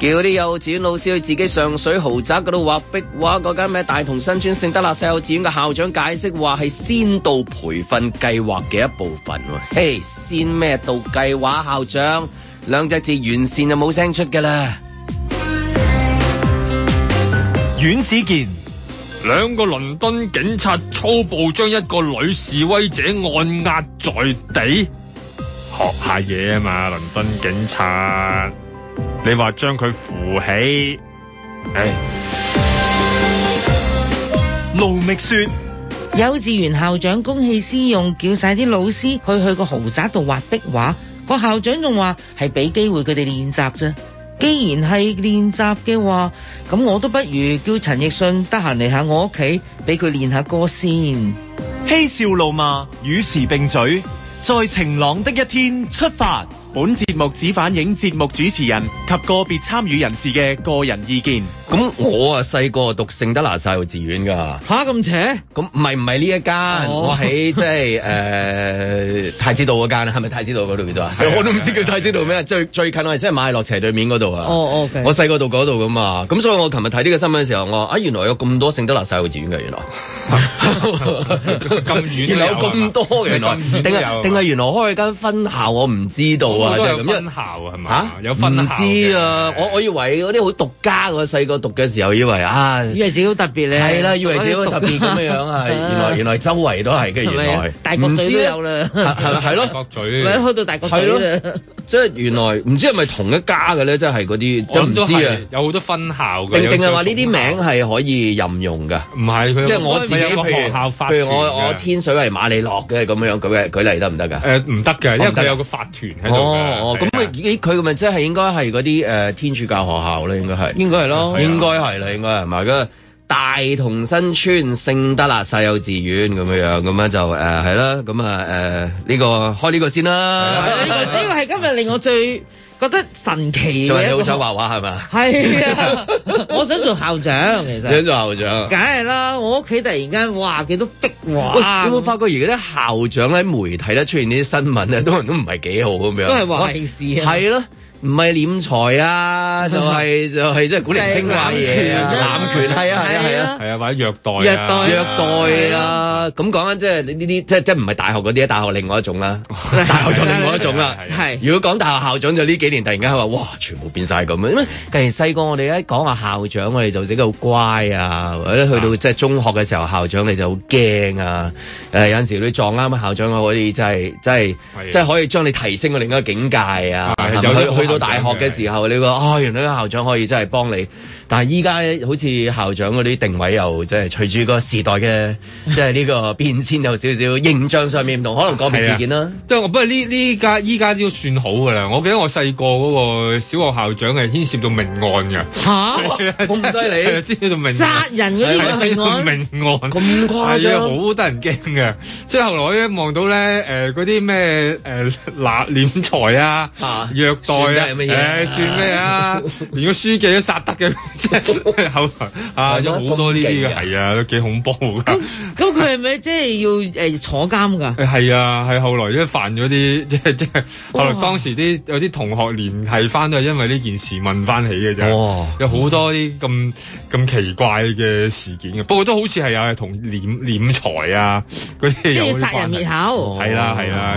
叫啲幼稚園老師去自己上水豪宅嗰度畫壁畫，嗰間咩大同新村聖德納世幼稚園嘅校長解釋話係先導培訓計劃嘅一部分。嘿、hey，先咩導計劃？校長兩隻字完善就冇聲出噶啦。阮子健，兩個倫敦警察粗暴將一個女示威者按壓在地。學下嘢啊嘛，倫敦警察。你話將佢扶起，哎！盧覓雪，幼稚園校長公器私用，叫晒啲老師去去個豪宅度畫壁畫，個校長仲話係俾機會佢哋練習啫。既然係練習嘅話，咁我都不如叫陳奕迅得閒嚟下我屋企，俾佢練下歌先。嬉笑怒罵，與時並進，在晴朗的一天出發。本節目只反映節目主持人及個別參與人士嘅個人意見。咁我啊細個讀聖德拿晒會幼稚園噶。吓咁邪？咁唔係唔係呢一間？我喺即係誒太子道嗰間啊？係咪太子道嗰度啊？我都唔知叫太子道咩啊！最最近我係真係買落斜對面嗰度啊。哦哦。我細個讀嗰度噶啊。咁所以我琴日睇呢個新聞嘅時候，我啊原來有咁多聖德拿晒會幼稚園噶，原來咁遠，原來有咁多，原來定係定係原來開間分校，我唔知道。啊，都係咁分校啊，係嘛？有分支啊，我我以為嗰啲好獨家，我細個讀嘅時候以為啊，以為自己好特別咧。係啦，以為自己好特別咁嘅樣啊。原來原來周圍都係嘅，原來。大角咀都有啦，係咪？係咯，大角咀。開到大角咀啦。即係原來唔知係咪同一家嘅咧？即係嗰啲都唔知啊。有好多分校嘅。定定係話呢啲名係可以任用嘅？唔係，即係我自己學校發。譬如我我天水圍瑪利諾嘅咁樣，舉例舉例得唔得㗎？誒唔得嘅，因為佢有個法團喺度。哦哦，咁佢佢咪即係應該係嗰啲誒天主教學校咧，應該係，應該係咯，的應該係啦，應該係咪？個大同新村聖德納世幼稚園咁樣樣，咁樣就誒係啦，咁啊誒呢個開呢個先啦，呢個係今日令我最。 覺得神奇就係你好想畫畫係咪？係個、嗯、啊， 我想做校長，其實想做校長，梗係啦。我屋企突然間哇，幾多壁畫、啊。你會發覺而家啲校長咧，媒體咧出現啲新聞咧，都能都唔係幾好咁樣。都係壞事啊！係咯。唔係斂財啊，就係就係即係古靈精怪嘢啊，濫權啊係啊係啊，係啊或者虐待虐待虐待啊！咁講緊即係你呢啲即係即係唔係大學嗰啲大學另外一種啦，大學就另外一種啦。如果講大學校長就呢幾年突然間話哇，全部變晒咁啊！咁為以前細個我哋一講話校長，我哋就整個好乖啊，或者去到即係中學嘅時候，校長你就好驚啊！誒有陣時你撞啱校長可以真係真係真係可以將你提升到另一個境界啊！到大學嘅時候，你話啊，原來個校長可以真係幫你。但係依家好似校長嗰啲定位又即係隨住個時代嘅即係呢個變遷有少少形象上面唔同，可能個別事件啦。都係我不係呢呢家依家都算好㗎啦。我記得我細個嗰個小學校長係牽涉到命案㗎，咁犀利，即係做命殺人嗰啲命案，命案咁誇張，好得人驚嘅。所以後來我一望到咧誒嗰啲咩誒嗱斂財啊、虐待啊，誒算咩啊？連個書記都殺得嘅。後啊，有好多呢啲嘅，係啊，都幾恐怖噶。咁佢係咪即係要誒坐監噶？係啊，係後來咧犯咗啲即係即係。後來當時啲有啲同學聯繫翻都係因為呢件事問翻起嘅啫。有好多啲咁咁奇怪嘅事件嘅，不過都好似係啊，同斂斂財啊嗰啲。即係殺人滅口。係啦係啦，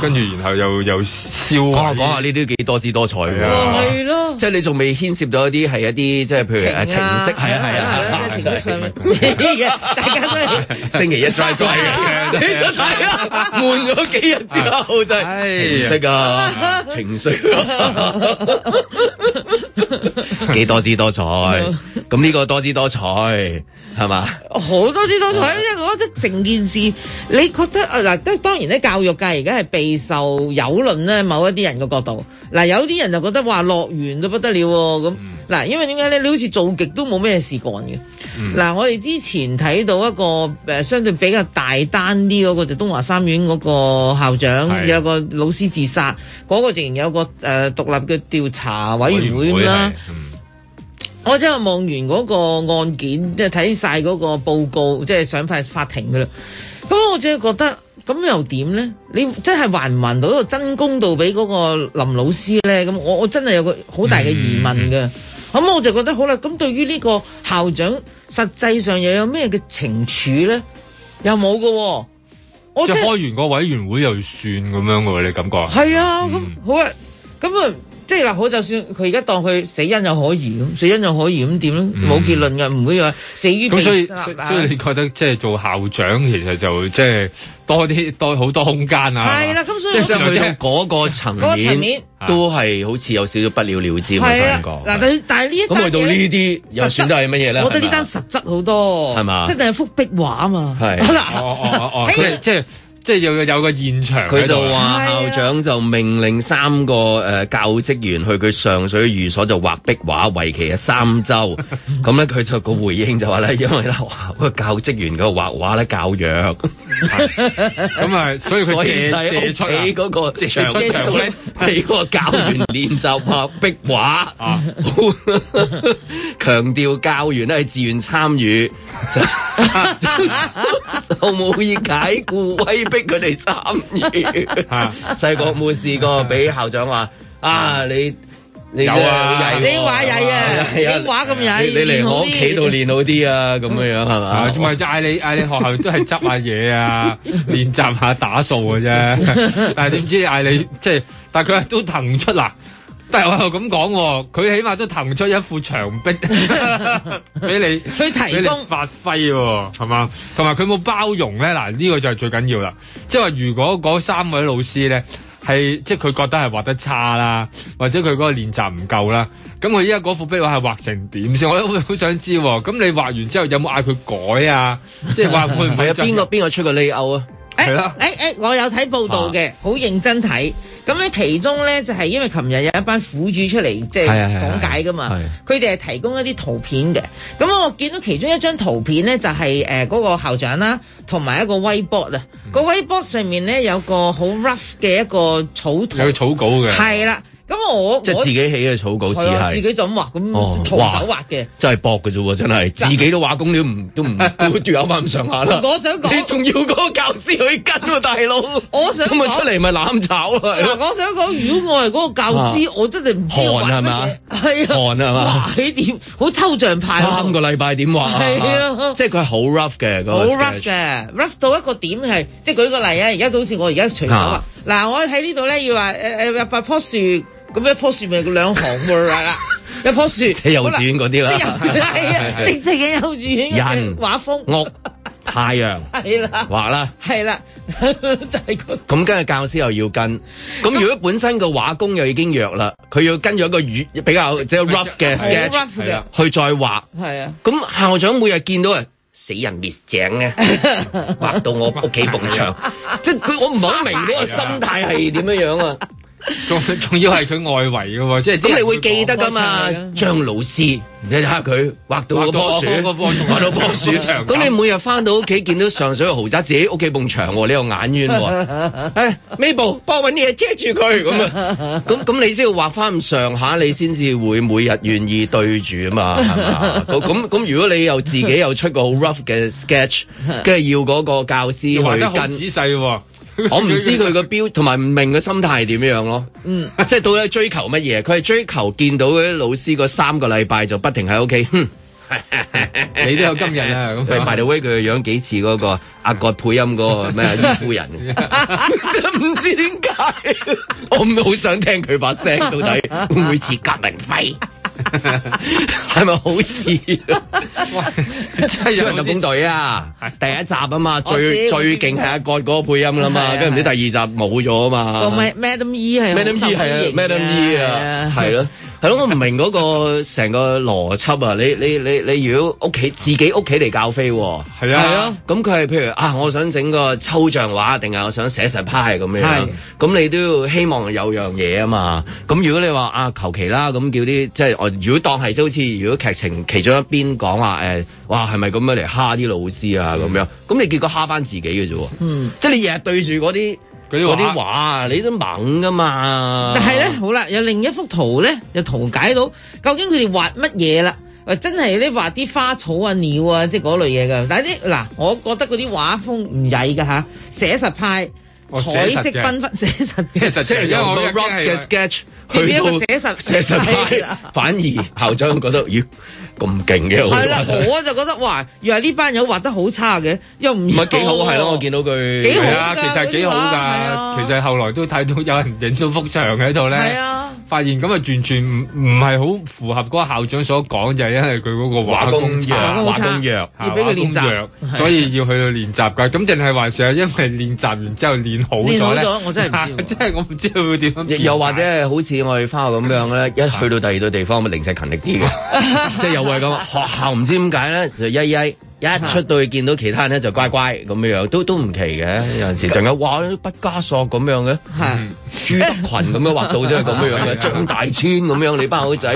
跟住然後又又燒。我講下呢啲幾多姿多彩嘅。係咯，即係你仲未牽涉到一啲係一啲即係。情啊，情色係啊，係啊，係情緒，係嘅，大家都係星期一再都係，真係啊，悶咗幾日之後就，情色啊，情緒啊，幾多姿多彩，咁呢個多姿多彩係咪？好多姿多彩，即係我覺得成件事，你覺得啊嗱，當然咧教育界而家係備受有論咧，某一啲人嘅角度，嗱有啲人就覺得話樂園都不得了喎咁。嗱，因為點解咧？你好似做極都冇咩事幹嘅。嗱、嗯，我哋之前睇到一個誒、呃，相對比較大單啲嗰、那個就東華三院嗰個校長是有個老師自殺，嗰、那個仍然有個誒獨、呃、立嘅調查委員會啦。會嗯、我真係望完嗰個案件，即係睇晒嗰個報告，即係上翻法庭嘅啦。咁我即係覺得咁又點咧？你真係還唔還到個真公道俾嗰個林老師咧？咁我我真係有個好大嘅疑問嘅。嗯嗯咁我就覺得好啦，咁對於呢個校長，實際上又有咩嘅懲處咧？又冇㗎、哦，我即係開完個委員會又算咁樣嘅，你感覺？係啊，咁、嗯、好啊，咁啊。即係嗱，好，就算佢而家當佢死因又可疑，死因又可疑，咁點咧？冇結論嘅，唔會話死於咁所以，所以你覺得即係做校長，其實就即係多啲多好多空間啊！係啦，咁所以即係去到嗰個層面，都係好似有少少不了了之嘅感覺。嗱，但係但係呢一咁去到呢啲，又算係乜嘢咧？我覺得呢單實質好多係嘛？即係一幅壁畫啊嘛！係即係。即係又有個現場，佢就話校長就命令三個誒、啊呃、教職員去佢上水寓所就畫壁畫，為期啊三周，咁咧佢就個 回應就話咧，因為咧學校個教職員個畫畫咧教弱，咁啊所以佢借借出俾個借出借到咧俾個教員練習畫壁畫，啊，強調教員咧係自願參與，就冇意解僱威。逼佢哋三月，吓細個冇試過，俾校長話啊你，有啊，你話曳啊，你話咁曳，你嚟我屋企度練好啲啊，咁樣樣係嘛，咪就嗌你嗌你學校都係執下嘢啊，練習下打掃嘅啫，但係點知嗌你即係，但係佢都騰唔出啦。但係我又咁講喎，佢起碼都騰出一幅牆壁俾 你 去提供、發揮喎，哦，係嘛？同埋佢冇包容咧，嗱、這、呢個就係最緊要啦。即係話如果嗰三位老師咧係即係佢覺得係畫得差啦，或者佢嗰個練習唔夠啦，咁佢依家嗰幅壁畫係畫成點先？我都好想知喎，哦。咁你畫完之後有冇嗌佢改啊？即係話會唔會啊？邊個邊個出個 Leo 啊？係咯，誒誒，我有睇報道嘅，好、啊、認真睇。咁咧其中咧就係、是、因為琴日有一班苦主出嚟，即、就、係、是、講解噶嘛，佢哋係提供一啲圖片嘅。咁我見到其中一張圖片咧，就係、是、誒、呃嗰個校長啦，同埋一個微博啊，個微博上面咧有個好 rough 嘅一個草圖，有草稿嘅，係啦。咁我即係自己起嘅草稿，似係自己就咁畫，咁徒手畫嘅，真係搏嘅啫喎！真係自己都畫功都唔都唔都做到翻咁上下啦。我想講，你仲要個教師去跟喎，大佬。我想講咁咪出嚟咪攬炒啦。我想講，如果我係嗰個教師，我真係唔知畫咩。係啊，係啊，哇！起點好抽象派。三個禮拜點畫？係啊，即係佢係好 rough 嘅。好 rough 嘅，rough 到一個點係，即係舉個例啊！而家都好似我而家隨手畫嗱，我喺呢度咧要話誒誒入八樖樹。咁一樖樹咪個兩行嚟啦，一樖樹即幼稚園嗰啲啦，直直嘅幼稚園人畫風，屋太陽，係啦畫啦，係啦就係咁。咁跟住教師又要跟，咁如果本身個畫工又已經弱啦，佢要跟咗一個語比較即係 rough 嘅 sketch，去再畫，係啊。咁校長每日見到啊死人滅井嘅，畫到我屋企埲牆，即係佢我唔係好明呢個心態係點樣樣啊！仲仲要係佢外圍嘅，即係點你會記得噶嘛？張、啊、老師，你睇下佢畫到嗰棵樹，畫到棵樹長。咁你每日翻到屋企見到上水嘅豪宅，自己屋企埲牆，你又眼冤喎、啊。Mabel 幫我搵啲嘢遮住佢咁啊。咁咁 你先要畫翻上下，你先至會每日願意對住啊嘛。咁咁 如果你又自己又出個好 rough 嘅 sketch，跟住要嗰個教師去跟得仔細、哦。 我唔知佢個標，同埋唔明個心態係點樣咯。嗯，即係到底追求乜嘢？佢係追求見到嗰啲老師，個三個禮拜就不停喺屋企。你都有今日啊！佢賣到威，佢嘅 樣幾似嗰個阿葛配音嗰個咩啊伊夫人。真唔知點解， 我唔好想聽佢把聲，到底會唔會似革命飛？係咪好事？《超人特工隊》啊，第一集啊嘛，最、哦、最勁係阿蓋嗰個配音啦嘛，跟住唔知第二集冇咗啊嘛。Madam E 係好神秘型啊，係咯、啊。是啊 係咯，我唔明嗰個成個邏輯啊！你你你你，你你如果屋企自己屋企嚟教飛，係啊，咁佢係譬如啊，我想整個抽象畫，定係我想寫實派咁樣。咁係你都要希望有樣嘢啊嘛。咁如果你話啊，求其啦，咁叫啲即係我如果當係即好似如果劇情其中一邊講話誒，哇係咪咁樣嚟蝦啲老師啊咁樣？咁、嗯、你結果蝦翻自己嘅啫喎。嗯，即係你日日對住嗰啲。嗰啲畫啊，你都猛噶嘛！但係咧，好啦，有另一幅圖咧，又圖解到究竟佢哋畫乜嘢啦？誒，真係咧畫啲花草啊、鳥啊，即係嗰類嘢噶。但係啲嗱，我覺得嗰啲畫風唔曳噶吓。寫實派，彩色繽紛，紛、哦，寫實。即係因為我嘅 rock 嘅 sketch 佢去寫實，寫實派了反而校 長覺得，咦？咁勁嘅，係啦，我就覺得哇，原來呢班友畫得好差嘅，又唔唔係幾好，係咯，我見到佢，係啊，其實幾好㗎，其實後來都睇到有人影咗幅牆喺度咧，係啊，發現咁啊，完全唔唔係好符合嗰個校長所講，就係因為佢嗰個畫工差，畫工弱，要俾佢練習，所以要去到練習㗎，咁定係還是係因為練習完之後練好咗咧？我真係唔知，真係我唔知佢會點。又或者係好似我哋翻學咁樣咧，一去到第二個地方，咪零舍勤力啲嘅，即係又。係咁，學校唔知點解咧，就一一。一出到去見到其他人咧就乖乖咁樣，都都唔奇嘅。有陣時仲有畫畢加索咁樣嘅，嗯、朱德群咁樣畫到咗咁 樣嘅，張大千咁樣 你班好仔，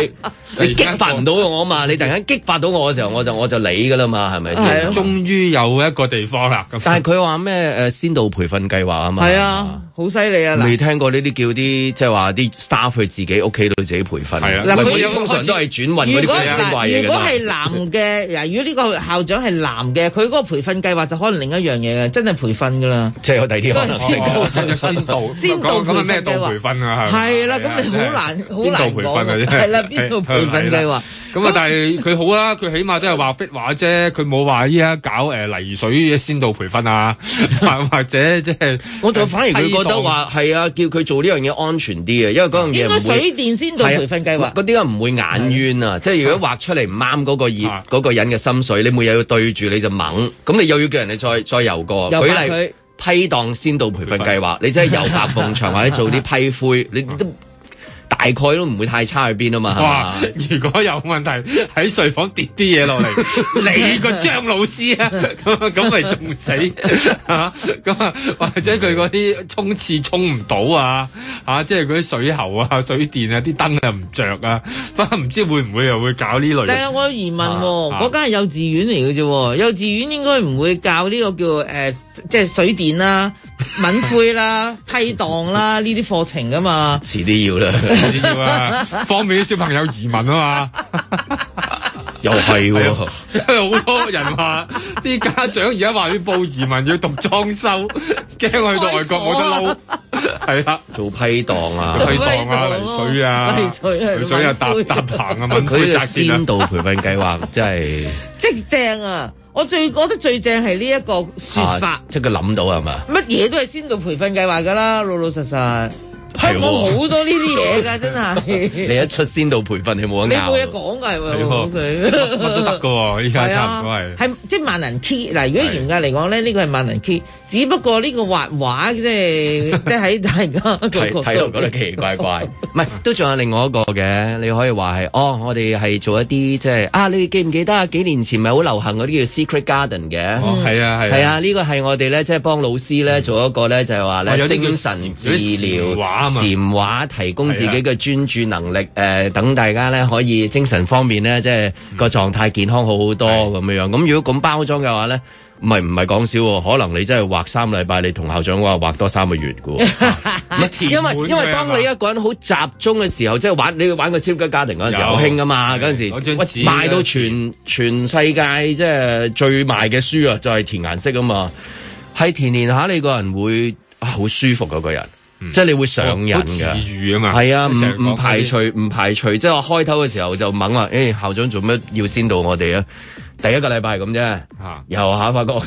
你激發唔到我嘛？你突然間激發到我嘅時候，我就我就理㗎啦嘛，係咪先？啊、終於有一個地方啦。但係佢話咩？誒先導培訓計劃啊嘛。係啊，好犀利啊！未聽過呢啲叫啲即係話啲 staff 去自己屋企度自己培訓。係啊，嗱佢通常都係轉運嗰啲奇怪，如果如果係男嘅，如果呢 個校長係。男嘅，佢嗰個培訓計劃就可能另一樣嘢嘅，真係培訓噶啦，即係我第二先到培，哦、先到， 先到咁咩培訓啊？係啦，咁你好難好是難講，係啦，邊度是培訓計劃？哎咁啊！但係佢好啦，佢起碼都係畫壁畫啫，佢冇話依家搞誒泥水先導培訓啊，或者即係我就反而佢覺得話係啊，叫佢做呢樣嘢安全啲啊，因為嗰樣嘢唔會應該水電先導培訓計劃，嗰啲啊唔會眼冤啊！即係如果畫出嚟唔啱嗰個業嗰個人嘅心水，你每日要對住你就猛，咁你又要叫人哋再再遊過，舉例，佢批檔先導培訓計劃，你真係遊白篷牆或者做啲批灰，你都。大概都唔會太差去邊啊嘛，哇！吧如果有問題喺睡房跌啲嘢落嚟， 你個張老師啊，咁咁咪仲死嚇？咁或者佢嗰啲沖廁沖唔到啊？嚇、啊啊，即係嗰啲水喉啊、水電啊、啲燈啊唔著啊，不過唔知會唔會又會搞呢類？但係我有疑問、啊，嗰間係幼稚園嚟嘅啫，幼稚園應該唔會教呢個叫誒、呃，即係水電啦、啊。文輝啦，批檔啦，呢啲課程噶嘛，遲啲要啦，遲啲要啊，方便啲小朋友移民啊嘛？又係，因為好多人話啲家長而家話要報移民，要讀裝修，驚去到外國冇得撈。係啦，做批檔啊，批檔啊，泥水啊，泥水啊。泥水啊，搭搭棚啊嘛，佢就先導培訓計劃，真係即正啊。我最覺得最正係呢一個説法，即係佢諗到係嘛？乜嘢都係先導培訓計劃㗎啦，老老實實。係冇好多呢啲嘢噶，真係你一出先到培訓，你冇得你冇嘢講噶係喎，佢乜都得噶喎，依家差唔多係即萬能 key 嗱，如果嚴格嚟講咧，呢個係萬能 key，只不過呢個畫畫即係即喺大家個個覺得奇怪怪。唔係都仲有另外一個嘅，你可以話係哦，我哋係做一啲即係啊，你哋記唔記得啊？幾年前咪好流行嗰啲叫 Secret Garden 嘅，係啊係啊，呢個係我哋咧即係幫老師咧做一個咧就係話咧精神治療禪畫提供自己嘅專注能力，誒的、呃，等大家咧可以精神方面咧，即係、嗯、個狀態健康好好多咁樣的樣。咁如果咁包裝嘅話咧，唔係唔係講笑，可能你真係畫三禮拜，你同校長話畫多三個月嘅。 啊、 因為因為當你一個人好集中嘅時候，即係玩你玩個超級家庭嗰陣時好興啊嘛，嗰陣對時賣對到全全世界即係最賣嘅書啊，就係、是、填顏色啊嘛，係填填下你個人會啊好舒服嗰、那個人。嗯、即係你會上癮噶，係、嗯、啊，唔排除唔些排，排除，即係我開頭嘅時候就猛話，誒、哎，校長做咩要先到我哋啊？第一個禮拜咁啫，又吓、啊、發覺。啊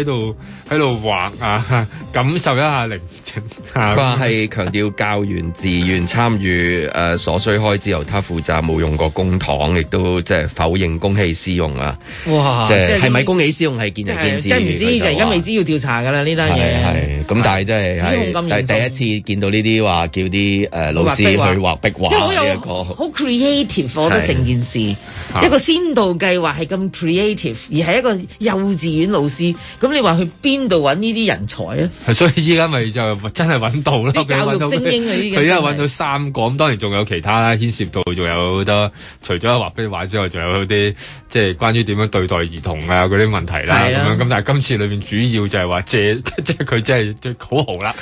喺度喺度畫啊，感受一下寧靜。佢話係強調教員自願參與誒所需開支，由他負責，冇用過公帑，亦都即係否認公器私用啊！哇，即係係咪公器私用係見仁見智，即係唔知，而家未知要調查㗎喇呢單嘢。係係咁，但係真係係第一次見到呢啲話叫啲誒老師去畫壁畫，一個好 creative 嘅我覺得成件事。一個先導計劃係咁 creative，而係一個幼稚園老師咁。咁你話去邊度揾呢啲人才啊？所以依家咪就真係揾到咯。精英佢依家揾到三個，當然仲有其他啦，牽涉到仲有好多。除咗畫壁畫之外，仲有啲即係關於點樣對待兒童啊嗰啲問題啦。咁、啊、樣咁，但係今次裏面主要就係話借即係佢真係好豪啦，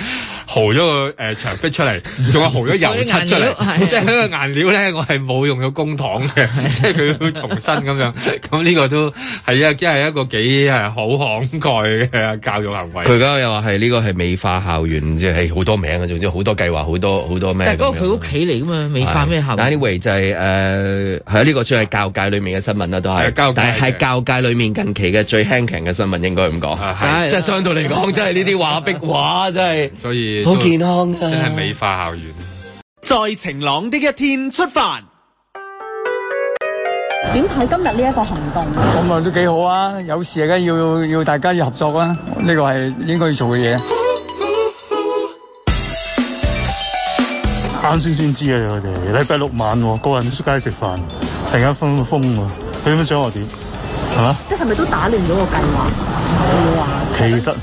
豪咗個誒牆、呃、壁出嚟，仲有豪咗油漆出嚟。即係嗰個顏料咧，我係冇用咗公帑嘅， 即係佢重新咁樣。咁呢個都係啊，即係一個幾係好慷慨。係，啊！教育行為，佢而家又話係呢個係美化校園，即係好多名啊，總之好多計劃，好多好多咩。但係嗰個佢屋企嚟噶嘛，美化咩校園？但係 Anyway 就係、是、誒，喺呢個算係教育界裏面嘅新聞啦，都係。但係教育界裏面近期嘅最輕輕嘅新聞，應該咁講。即係相對嚟講，即係呢啲畫壁畫，真係。真 所以。好健康。真係美化校園。在 晴朗的一天出發。點睇今日呢一個行動？咁啊，都幾好啊！有事啊，梗要要大家要合作啊！呢個係應該要做嘅嘢。啱先先知啊！佢哋禮拜六晚，個人出街食飯，突然間封封喎，佢點想我點？係嘛？即係咪都打亂咗個計劃？其實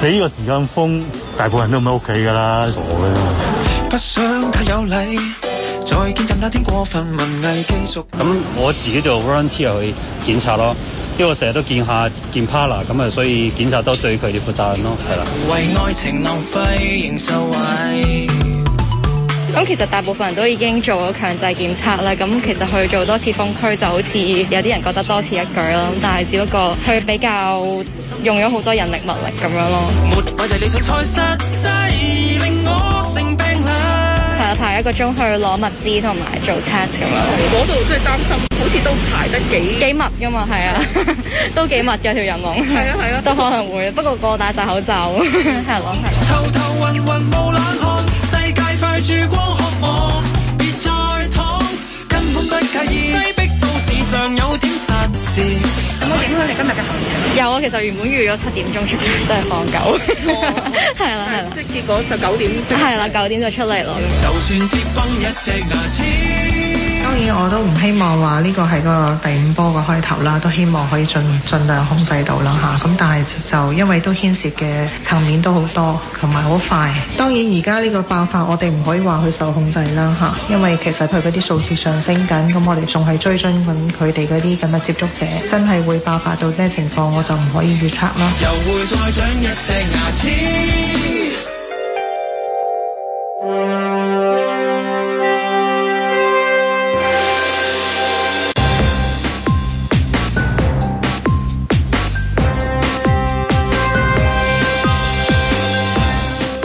你呢個時間封，大部分人都唔喺屋企噶啦。傻嘅。不想太有禮再見，那天過分文藝寄宿。咁、嗯、我自己就 volunteer 去檢查咯，因為我成日都見下見 partner，咁啊，所以檢查都對佢哋負責任咯，係啦。為愛情浪費仍受惠。咁其實大部分人都已經做咗強制檢查啦，咁其實去做多次封區就好似有啲人覺得多此一舉咯，但係只不過佢比較用咗好多人力物力咁樣咯。沒偉大理想實際，令我成排一個鐘去攞物資同埋做 test 咁咯，嗰度真係擔心，好似都排得幾幾密㗎嘛，係啊， 都幾密㗎條人龍，係啊係啊，都可能會，不過個個戴晒口罩，係咯係咯。影響你今日嘅行程有啊？其實原本預咗七點鐘出去，都係放狗，係啦係啦，即係結果就九點，係啦九點就出嚟咯。就算當然我都唔希望話呢個係個第五波嘅開頭啦，都希望可以盡盡量控制到啦嚇。咁但係就因為都牽涉嘅層面都好多，同埋好快。當然而家呢個爆發，我哋唔可以話佢受控制啦嚇，因為其實佢嗰啲數字上升緊，咁我哋仲係追蹤緊佢哋嗰啲咁嘅接觸者，真係會爆發到咩情況，我就唔可以預測啦。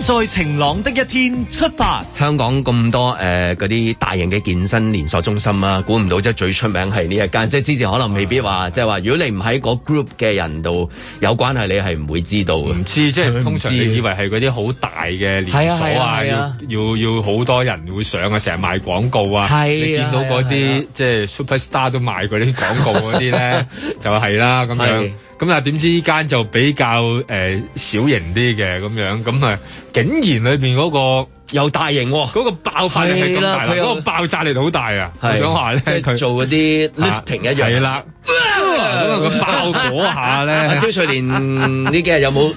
在晴朗的一天出發。香港咁多誒嗰啲大型嘅健身連鎖中心啊，估唔到即係最出名係呢一間。即係之前可能未必話，啊、即係話如果你唔喺嗰 group 嘅人度有關係，你係唔會知道。唔知即係、就是、通常以為係嗰啲好大嘅連鎖啊，啊啊啊啊要要好多人會上啊，成日賣廣告啊。係、啊、你見到嗰啲、啊啊、即係 superstar 都賣嗰啲廣告嗰啲咧， 就係啦咁樣。咁啊，點知依間就比較誒小型啲嘅咁樣，咁啊竟然裏邊嗰個又大型，嗰個爆發力係好大，嗰個爆炸力好大啊！我想話咧，佢做嗰啲 lifting 一樣，嘢啦，咁啊，咁爆下咧。蕭翠蓮，呢幾日有冇？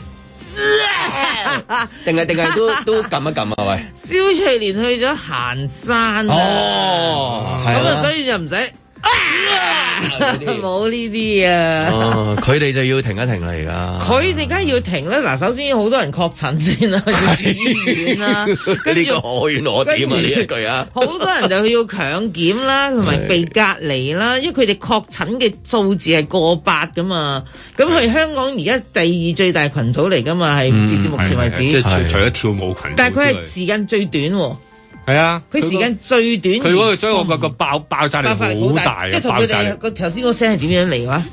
定係定係都都撳一撳啊？喂，蕭翠蓮去咗行山哦，咁啊，所以就唔使。冇呢啲啊，佢哋就要停一停啦而家。佢哋梗係要停咧，嗱，首先好多人確診先啦，要住醫院啦， 跟住着 我怨我點啊呢跟着 一句啊。好多人就要強檢啦，同埋 被隔離啦，因為佢哋確診嘅數字係過百噶嘛。咁佢香港而家第二最大群組嚟噶嘛，係直至目前為止。即係除咗跳舞群但係佢係時間最短，啊。 係啊，佢時間最短，佢嗰個所以我覺得個爆爆炸力好大，即係同佢哋個頭先嗰聲係點樣嚟嘅話？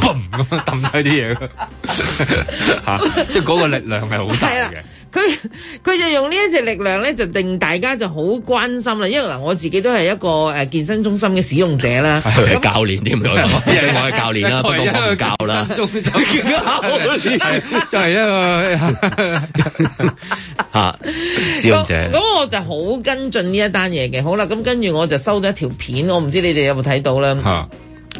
咁咁抌低啲嘢嘅，嚇！即係嗰個力量係好大嘅 佢佢就用呢一隻力量咧，就令大家就好關心啦。因為嗱，我自己都係一個誒、呃、健身中心嘅使用者啦，係教練點樣？所以我係教練啦，不過我唔教啦。就教係一個吓使用者。咁我就好跟進呢一單嘢嘅。好啦，咁跟住我就收到一條片，我唔知你哋有冇睇到啦。啊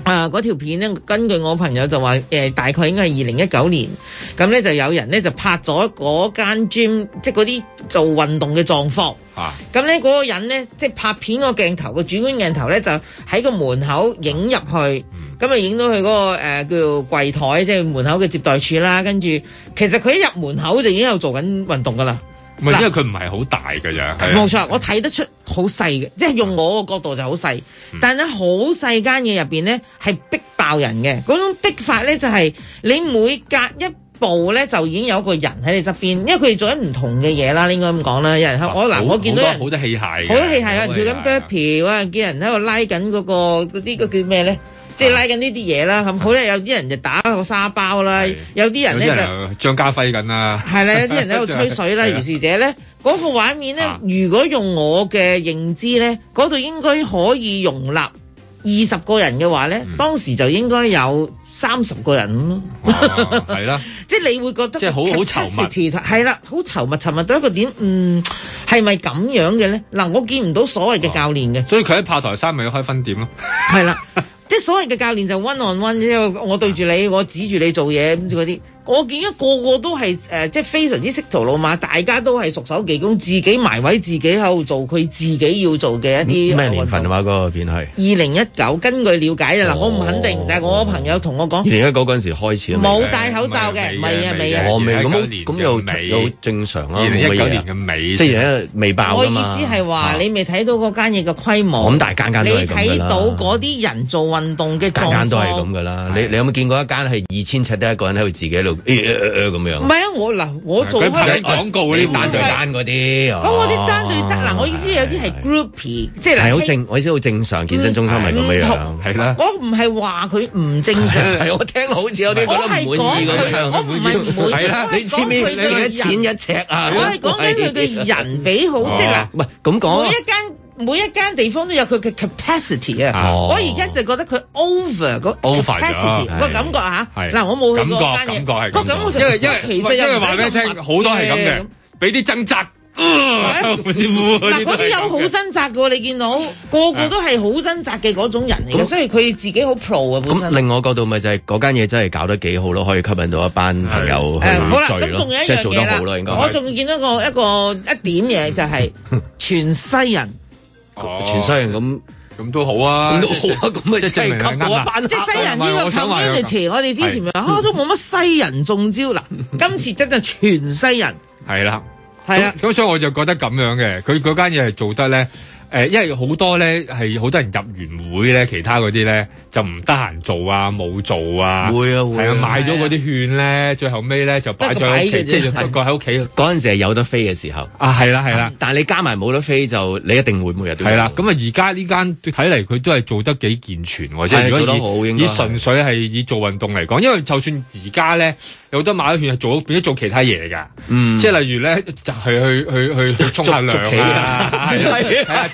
啊！條、呃、片咧，根據我朋友就話，誒、呃，大概應該係二零一九年，咁咧就有人咧就拍咗間 gym，即係啲做運動嘅狀況。啊！咁咧、嗰個人咧，即係拍片個鏡頭個主觀鏡頭咧，就喺個門口影入去，咁啊影到佢、嗰個誒、呃、叫櫃台，即係門口嘅接待處啦。跟住，其實佢一入門口就已經有做緊運動噶啦。唔係，因為佢唔係好大嘅啫。冇錯， 我睇得出。好細嘅，即係用我個角度就好細，但係好細間嘢入邊咧，係逼爆人嘅。嗰種逼法咧就係、是、你每隔一步咧就已經有個人喺你側邊，因為佢哋做緊唔同嘅嘢啦，嗯、應該咁講啦。有人喺哇我嗱，好我見到好多器械，好多器械有人啊，條咁嘅條啊，見人喺度拉緊嗰、那個嗰啲嗰叫咩咧？那個那個即係拉緊呢啲嘢啦，咁好啦，有啲人就打個沙包啦，有啲人咧就張家輝緊啦，係啦，有啲人喺度吹水啦。如是者咧，嗰個畫面咧，如果用我嘅認知咧，嗰度應該可以容納二十個人嘅話咧，當時就應該有三十個人咁係啦，即係你會覺得即係好好稠密，係啦，好稠密，稠密到一個點，嗯，係咪咁樣嘅咧？嗱，我見唔到所謂嘅教練嘅，所以佢喺炮台山咪要開分店咯，係啦。即係所謂嘅教練就 one on one 之後，我對住你，我指住你做嘢咁嗰啲，等等。我見一個個都係誒，即係非常之識途老馬，大家都係熟手技工，自己埋位，自己喺度做佢自己要做嘅一啲。咩年份啊嘛？嗰個片係二零一九。根據了解啊，嗱，我唔肯定，但係我朋友同我講，二零一九嗰陣時開始，冇戴口罩嘅，唔係啊，唔係啊，我唔係咁咁又又正常啊，二零一九年嘅尾，即係而家未爆嘛。我意思係話你未睇到嗰間嘢嘅規模咁大間間，你睇到嗰啲人做運動嘅狀況，間都係咁㗎啦。你你有冇見過一間係二千七得一個人喺度自己喺度？誒誒誒咁樣，唔係啊！我嗱，我做開廣告嗰啲單對單嗰啲，咁我啲單對得嗱，我意思有啲係 group，即係好正，我意思好正常健身中心係咁樣，係啦，我唔係話佢唔正常，係我聽好似有啲覺得唔滿意咁樣，我唔係滿意，係啦，你講佢幾多錢一尺啊？我係講緊佢嘅人比好即啊，唔係咁講。每一間地方都有佢嘅 capacity 啊！我而家就覺得佢 over 個 capacity 個感覺啊！嗱，我冇去過間嘢，嗰感覺我就因為因為因為話俾你聽，好多係咁嘅，俾啲掙扎。嗱，嗰啲有好掙扎嘅喎，你見到個個都係好掙扎嘅嗰種人嚟嘅，所以佢自己好 pro 啊！本身咁，另外一個角度咪就係嗰間嘢真係搞得幾好咯，可以吸引到一班朋友，好啦，咁仲有一樣嘢啦，我仲見到個一個一點嘢就係全西人。全西人咁咁、哦、都好啊，咁都好啊，咁即係正合啱、啊、即係西人呢、個 community 我哋之前咪話、啊、都冇乜西人中招嗱， 今次真係全西人。係啦，係啊，咁所以我就覺得咁樣嘅，佢嗰間嘢係做得咧。誒，因為好多咧係好多人入完會咧，其他嗰啲咧就唔得閒做啊，冇做啊，會啊，會啊，買咗嗰啲券咧，最後尾咧就擺咗喺屋企，即係就發覺喺屋企。嗰陣時係有得飛嘅時候啊，係啦係啦，但係你加埋冇得飛就你一定會每日都係啦。咁啊，而家呢間睇嚟佢都係做得幾健全喎，即係如果以純粹係以做運動嚟講，因為就算而家咧有得買咗券，係做變咗做其他嘢㗎，嗯，即係例如咧就係去去去去沖下涼啊。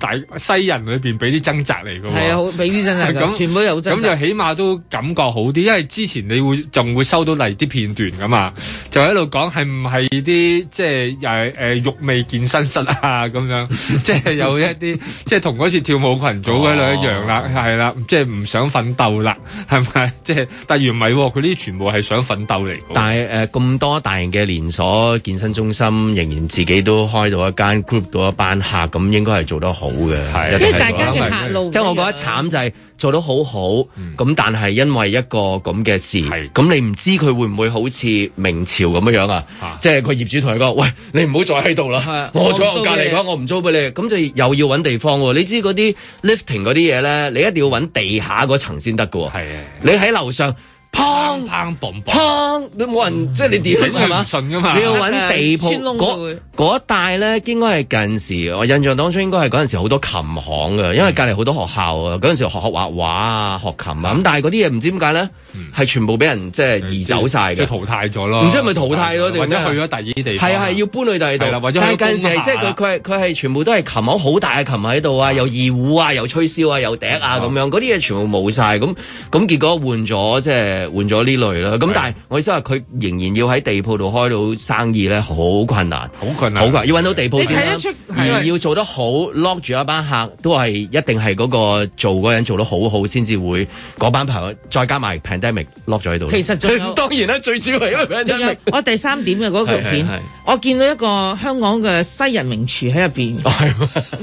大西人裏邊俾啲掙扎嚟㗎係啊，好俾啲掙扎，全部有好掙扎。咁就起碼都感覺好啲，因為之前你會仲會收到嚟啲片段㗎嘛，就喺度講係唔係啲即係誒誒肉味健身室啊咁樣， 即係有一啲即係同嗰次跳舞羣組度一樣啦，係啦、哦，即係唔想奮鬥啦，係咪？即係但係唔係喎，佢呢啲全部係想奮鬥嚟。但係誒咁多大型嘅連鎖健身中心，仍然自己都開到一間 group 到一班客，咁應該係做得好。好嘅，即係大家嘅客路，即係我覺得慘就係做得好好，咁、嗯、但係因為一個咁嘅事，咁的你唔知佢會唔會好似明朝咁樣樣啊？即係個業主同佢講，喂，你唔好再喺度啦，的我坐我隔離講，我唔租俾你，咁就又要揾地方喎。你知嗰啲 lifting 嗰啲嘢咧，你一定要揾地下嗰層先得㗎喎。的你喺樓上。砰砰砰砰！都冇人，即係你點係嘛？你要揾地鋪。嗰一帶咧，應該係近時。我印象當中應該係嗰陣時好多琴行嘅，因為隔離好多學校啊。嗰陣時學學畫畫啊，學琴啊。咁但係嗰啲嘢唔知點解咧，係全部俾人即係移走晒嘅，即係淘汰咗咯。唔知係咪淘汰咗定或者去咗第二啲地方？係啊係，要搬去第二地啦，但係近時即係佢佢佢係全部都係琴行，好大嘅琴喺度啊，有二胡啊，又吹簫啊，又笛啊咁樣。嗰啲嘢全部冇晒。咁咁結果換咗即係。換咗呢類啦，咁但係我意思話佢仍然要喺地鋪度開到生意咧，好困難，好困難，好困難要搵到地鋪先啦。而要做得好 lock 住一班客，都係一定係嗰個做嗰人做得好好，先至會嗰班朋友再加埋 pandemic lock 咗喺度。其實最當然啦，最主要係因為 pandemic。我第三點嘅嗰條片，我見到一個香港嘅西人名廚喺入邊，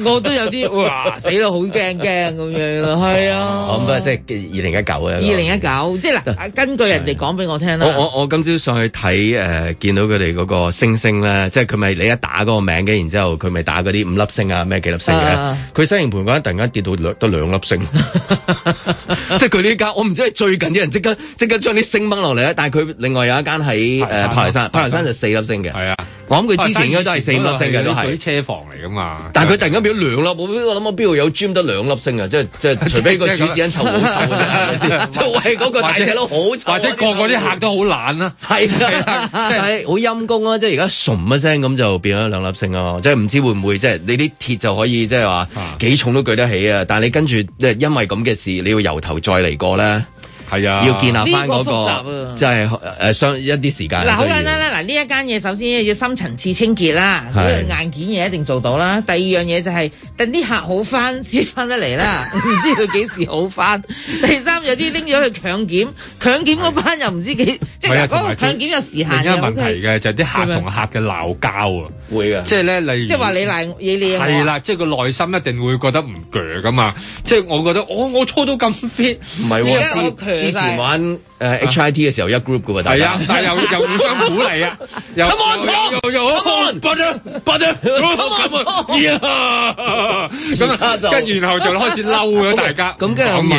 我都有啲哇死到好驚驚咁樣咯，係啊。咁啊，即係二零一九啊，二零一九，即係嗱。根據人哋講俾我聽啦，我我今朝上去睇誒，見到佢哋嗰個星星咧，即係佢咪你一打嗰個名嘅，然之後佢咪打嗰啲五粒星啊，咩幾粒星嘅？佢西營盤嗰間突然間跌到兩得兩粒星，即係佢呢間。我唔知係最近啲人即刻即刻將啲星掹落嚟啊！但係佢另外有一間喺誒珀麗山，珀麗山就四粒星嘅。係啊，我諗佢之前應該都係四粒星嘅都係。啲車房嚟噶嘛？但係佢突然間變咗兩粒，我諗我邊度有 gym 得兩粒星啊？即係即係除非個主持人臭好臭，就係嗰個大隻佬，或者個個啲客都好懶啊，係啦 係啊，即係好陰功啊！即係而家噏一聲咁就變咗兩粒星啊！即係唔知會唔會即係你啲鐵就可以即係話幾重都舉得起啊！但係你跟住即係因為咁嘅事，你要由頭再嚟過咧。係啊，要建立翻嗰個，即係誒相一啲時間。嗱，好簡單啦，嗱呢一間嘢首先要深層次清潔啦，呢個硬件嘢一定做到啦。第二樣嘢就係等啲客好翻先翻得嚟啦，唔知佢幾時好翻。第三有啲拎咗去強檢，強檢嗰班又唔知幾，即係嗰個強檢有時限。有一個問題嘅就係啲客同客嘅鬧交啊，會啊，即係咧例如，即係話你賴嘢你係啦，即係個內心一定會覺得唔鋸㗎嘛，即係我覺得我我操到咁 fit，唔係喎。之前玩誒 HIT 嘅時候一 group 噶喎，係啊，但係又又互相鼓勵啊，又又又，Come on，come on，c 咁就跟住然後就開始嬲咗大家，咁跟住我問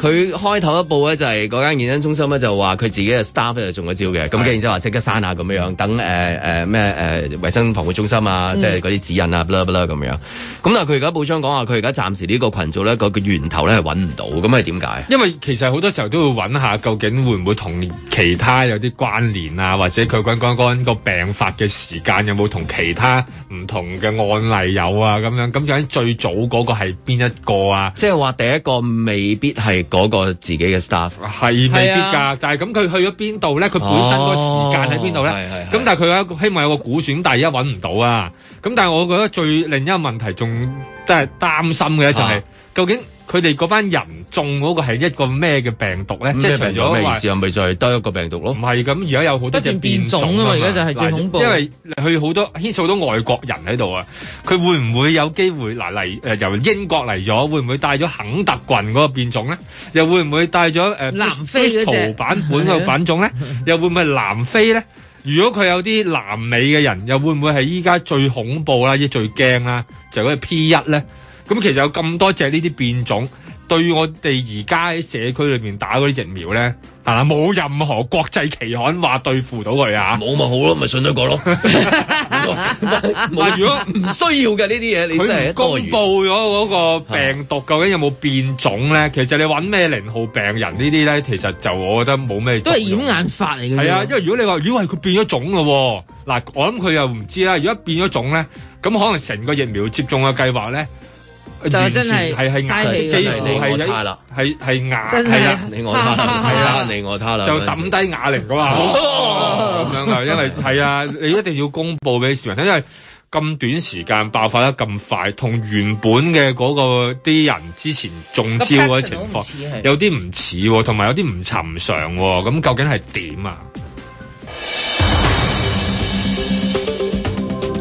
佢開頭一步咧就係嗰間健身中心咧就話佢自己嘅 staff 咧就中咗招嘅，咁嘅的然之後話即刻刪下咁樣樣，等誒誒咩誒衞生防護中心啊，嗯、即係嗰啲指引啊，bla bla 咁樣。咁但係佢而家報章講話佢而家暫時呢個群組咧個、嗰個源頭咧係揾唔到，咁係點解？因為其實好多時候都會揾下究竟會唔會同其他有啲關聯啊，或者佢乾乾乾個病發嘅時間有冇同其他唔同嘅案例有啊咁樣？咁就喺最早嗰個係邊一個啊？即係話第一個未必係。嗰個自己嘅 staff 係未必㗎，是啊、但係咁佢去咗邊度咧？佢本身個時間喺邊度咧？咁、哦、但係佢有一希望有個估算，但係而家揾唔到啊！咁但係我覺得最另一個問題仲都係擔心嘅、就係，就係是、啊、究竟。佢哋嗰班人中嗰個係一個咩嘅病毒咧？即係除咗咩事啊？咪就係多一個病毒咯。唔係咁，而家有好多隻變種啊嘛！而家就係最恐怖，因為佢好多牽涉好多外國人喺度啊。佢會唔會有機會嗱嚟誒由英國嚟咗，會唔會帶咗肯特郡嗰個變種咧？又會唔會帶咗誒南非嗰隻版本個品種咧？又會唔會南非咧？如果佢有啲南美嘅人，又會唔會係依家最恐怖啦、亦最驚啦，就係嗰個 P 一咧？咁其實有咁多隻呢啲變種，對我哋而家喺社區裏邊打嗰啲疫苗咧，係冇任何國際期刊話對付到佢啊，冇咪好咯，咪信得過咯。如果唔需要嘅呢啲嘢，你真係公布咗嗰個病毒 究竟有冇變種咧？其實你揾咩零號病人呢啲咧，其實就我覺得冇咩都係掩眼法嚟嘅。係啊，因為如果你話如果係佢變咗種咯，嗱、呃，我諗佢又唔知啦。如果變咗種咧，咁可能成個疫苗接種嘅計劃咧。就真係嘥氣，你我啦，係係眼，真係啊，你我他啦，你我他啦，就抌低啞鈴㗎嘛，咁樣啊，因為係啊，你一定要公佈俾市民睇，因為咁短時間爆發得咁快，同原本嘅嗰個啲人之前中招嗰啲情況有啲唔似喎，同埋有啲唔尋常喎，咁究竟係點啊？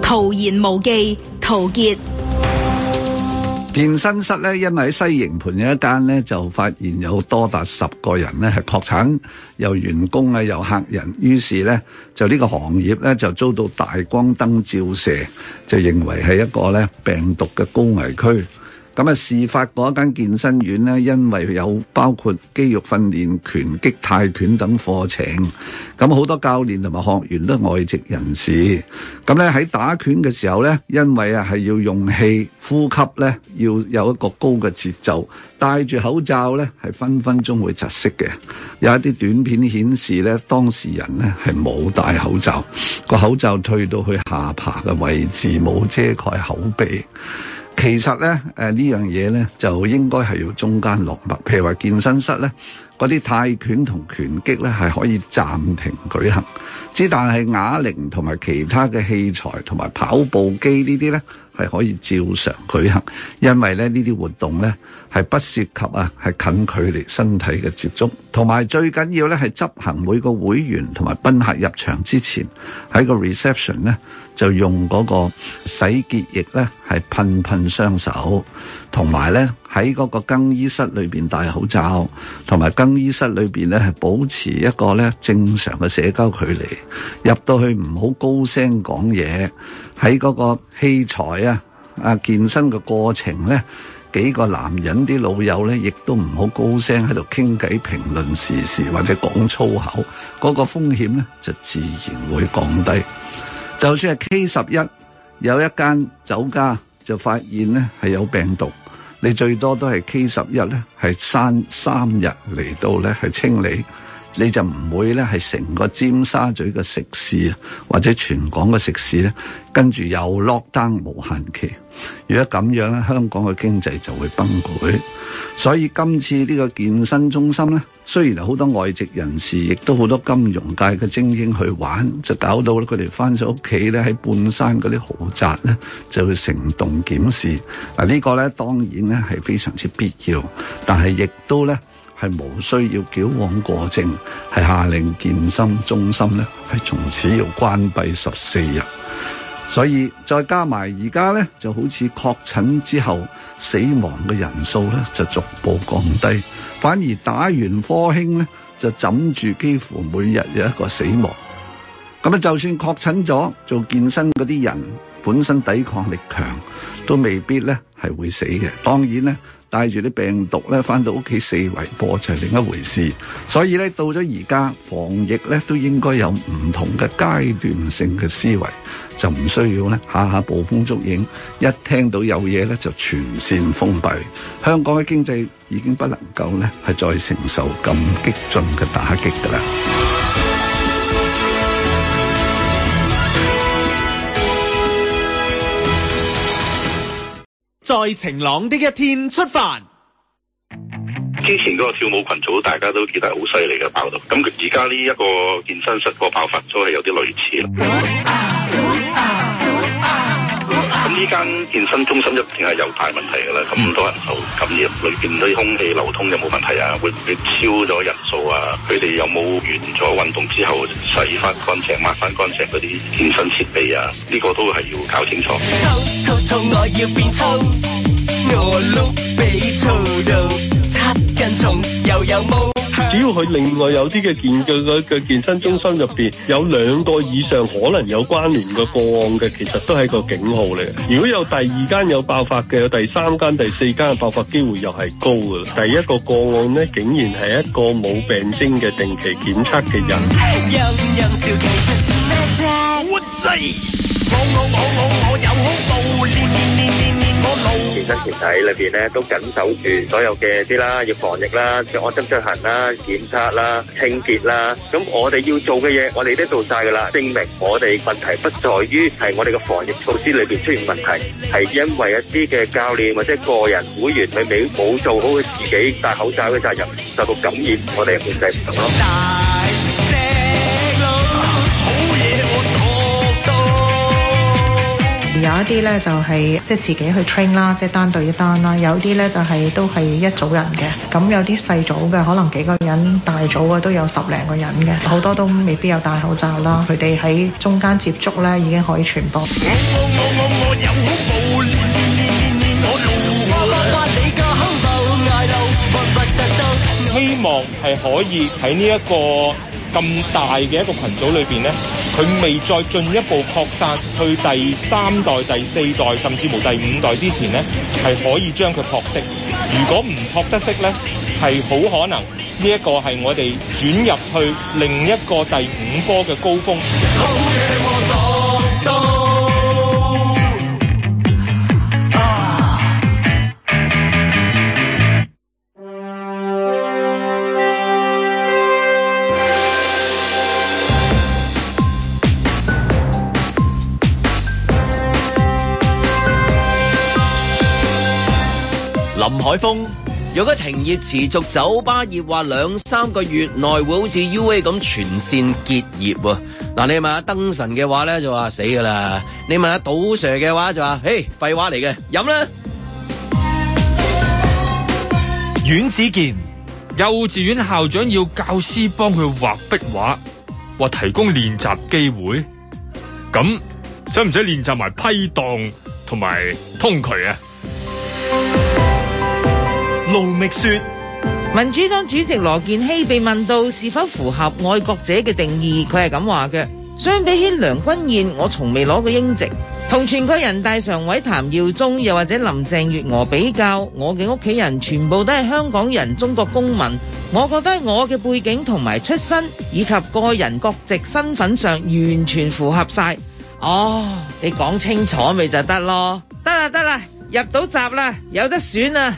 陶言無忌，陶傑。健身室咧，因為喺西營盤有一間咧，就發現有多達十個人咧係確診，又員工啊又客人，於是咧就呢個行業咧就遭到大光燈照射，就認為係一個咧病毒嘅高危區。咁啊，事發嗰間健身院咧，因為有包括肌肉訓練、拳擊、泰拳等課程，咁好多教練同埋學員都係外籍人士。咁咧喺打拳嘅時候咧，因為啊係要用氣呼吸咧，要有一個高嘅節奏，戴住口罩咧係分分鐘會窒息嘅。有一啲短片顯示咧，當事人咧係冇戴口罩，個口罩退到去下巴嘅位置，冇遮蓋口鼻。其實咧，誒、呃、呢樣嘢咧就應該係要中間落墨，譬如話健身室咧，嗰啲泰拳同拳擊咧係可以暫停舉行，之但係啞鈴同埋其他嘅器材同埋跑步機呢啲咧，係可以照常舉行，因為咧呢啲活動咧係不涉及啊係近距離身體嘅接觸，同埋最緊要咧係執行每個會員同埋賓客入場之前喺個 reception 咧就用嗰個洗潔液咧係噴噴雙手，同埋咧。喺嗰個更衣室裏邊戴口罩，同埋更衣室裏邊咧，係保持一個咧正常嘅社交距離。入到去唔好高聲講嘢。喺嗰個器材啊啊健身嘅過程咧，幾個男人啲老友咧，亦都唔好高聲喺度傾偈、評論時事或者講粗口。嗰個風險咧就自然會降低。就算係 K 十一有一間酒家就發現咧係有病毒。你最多都係 K 十一咧，係三三日嚟到咧，係清理。你就唔會咧係成個尖沙咀嘅食肆，啊，或者全港嘅食肆，咧，跟住又 lock down 無限期。如果咁樣咧，香港嘅經濟就會崩潰。所以今次呢個健身中心咧，雖然好多外籍人士，亦都好多金融界嘅精英去玩，就搞到佢哋翻咗屋企咧，喺半山嗰啲豪宅咧，就會成棟檢視。嗱、啊、呢、呢個咧當然咧係非常之必要，但係亦都咧。係無需要矯枉過正，係下令健身中心咧，係從此要關閉十四日。所以再加埋而家咧，就好似確診之後死亡嘅人數咧，就逐步降低，反而打完科興咧，就枕住幾乎每日有一個死亡。咁啊，就算確診咗做健身嗰啲人，本身抵抗力強，都未必咧係會死嘅。當然咧。帶住啲病毒咧，返到屋企四圍播就係、是、另一回事。所以咧，到咗而家防疫咧，都應該有唔同嘅階段性嘅思維，就唔需要咧下下捕風捉影，一聽到有嘢咧就全線封閉。香港嘅經濟已經不能夠咧係再承受咁激進嘅打擊㗎啦。在晴朗的一天出發。之前嗰個跳舞群組大家都見到好犀利嘅爆到，咁佢而家呢一個健身室個爆發都係有啲類似。 呢間健身中心入邊係有大問題㗎啦，咁多人數感染，裏邊啲空氣流通有冇問題啊？會唔會超咗人數啊？佢哋有冇完咗運動之後洗翻乾淨、抹翻乾淨嗰啲健身設備啊？呢個都係要搞清楚。只要佢另外有啲嘅健嘅嘅健，健身中心入邊有兩個以上可能有關聯嘅個案嘅，其實都係個警號嚟嘅。如果有第二間有爆發嘅，有第三間、第四間爆發機會又係高嘅。第一個個案咧，竟然係一個冇病徵嘅定期檢測嘅人。 健身團體裏邊咧都緊守住所有嘅啲啦，要防疫啦，要安心出行啦，檢測啦，清潔啦。咁、啊、我哋要做嘅嘢，我哋都做晒噶啦。證明我哋問題不在於係我哋嘅防疫措施裏邊出現問題，係因為一啲嘅教練或者個人會員佢未冇做好佢自己戴口罩嘅責任，受到感染，我哋控制唔到咯。有一啲咧就係即係自己去 train 啦，即係單對一單啦；有啲咧就係都係一組人嘅，咁有啲細組嘅可能幾個人，大組嘅都有十零個人嘅，好多都未必有戴口罩啦。佢哋喺中間接觸咧已經可以傳播。希望係可以喺呢一個。咁大嘅一個羣組裏邊咧，佢未再進一步擴散去第三代、第四代，甚至乎第五代之前咧，係可以將佢撲熄。如果唔撲得熄咧，係好可能呢一個係我哋轉入去另一個第五波嘅高峰。海風，如果停業持續酒吧業話兩三個月內會好似 UA 咁全線結業喎。嗱，你問下燈神嘅話咧就話死噶啦。你問下賭 Sir 嘅話就話，嘿，誒，廢話嚟嘅，飲啦。阮子健，幼稚園校長要教師幫佢畫壁畫，或提供練習機會，咁使唔使練習埋批盪，同埋通渠啊？盧覓雪。民主黨主席羅健熙被問到是否符合愛國者嘅定義，佢係咁話嘅。相比起梁君彥，我從未攞過英籍。同全國人大常委譚耀宗又或者林鄭月娥比較，我嘅屋企人全部都係香港人，中國公民。我覺得我嘅背景同埋出身以及個人國籍身份上完全符合晒。哦，你講清楚咪就得咯？得啦，得啦，入到閘啦，有得選啦。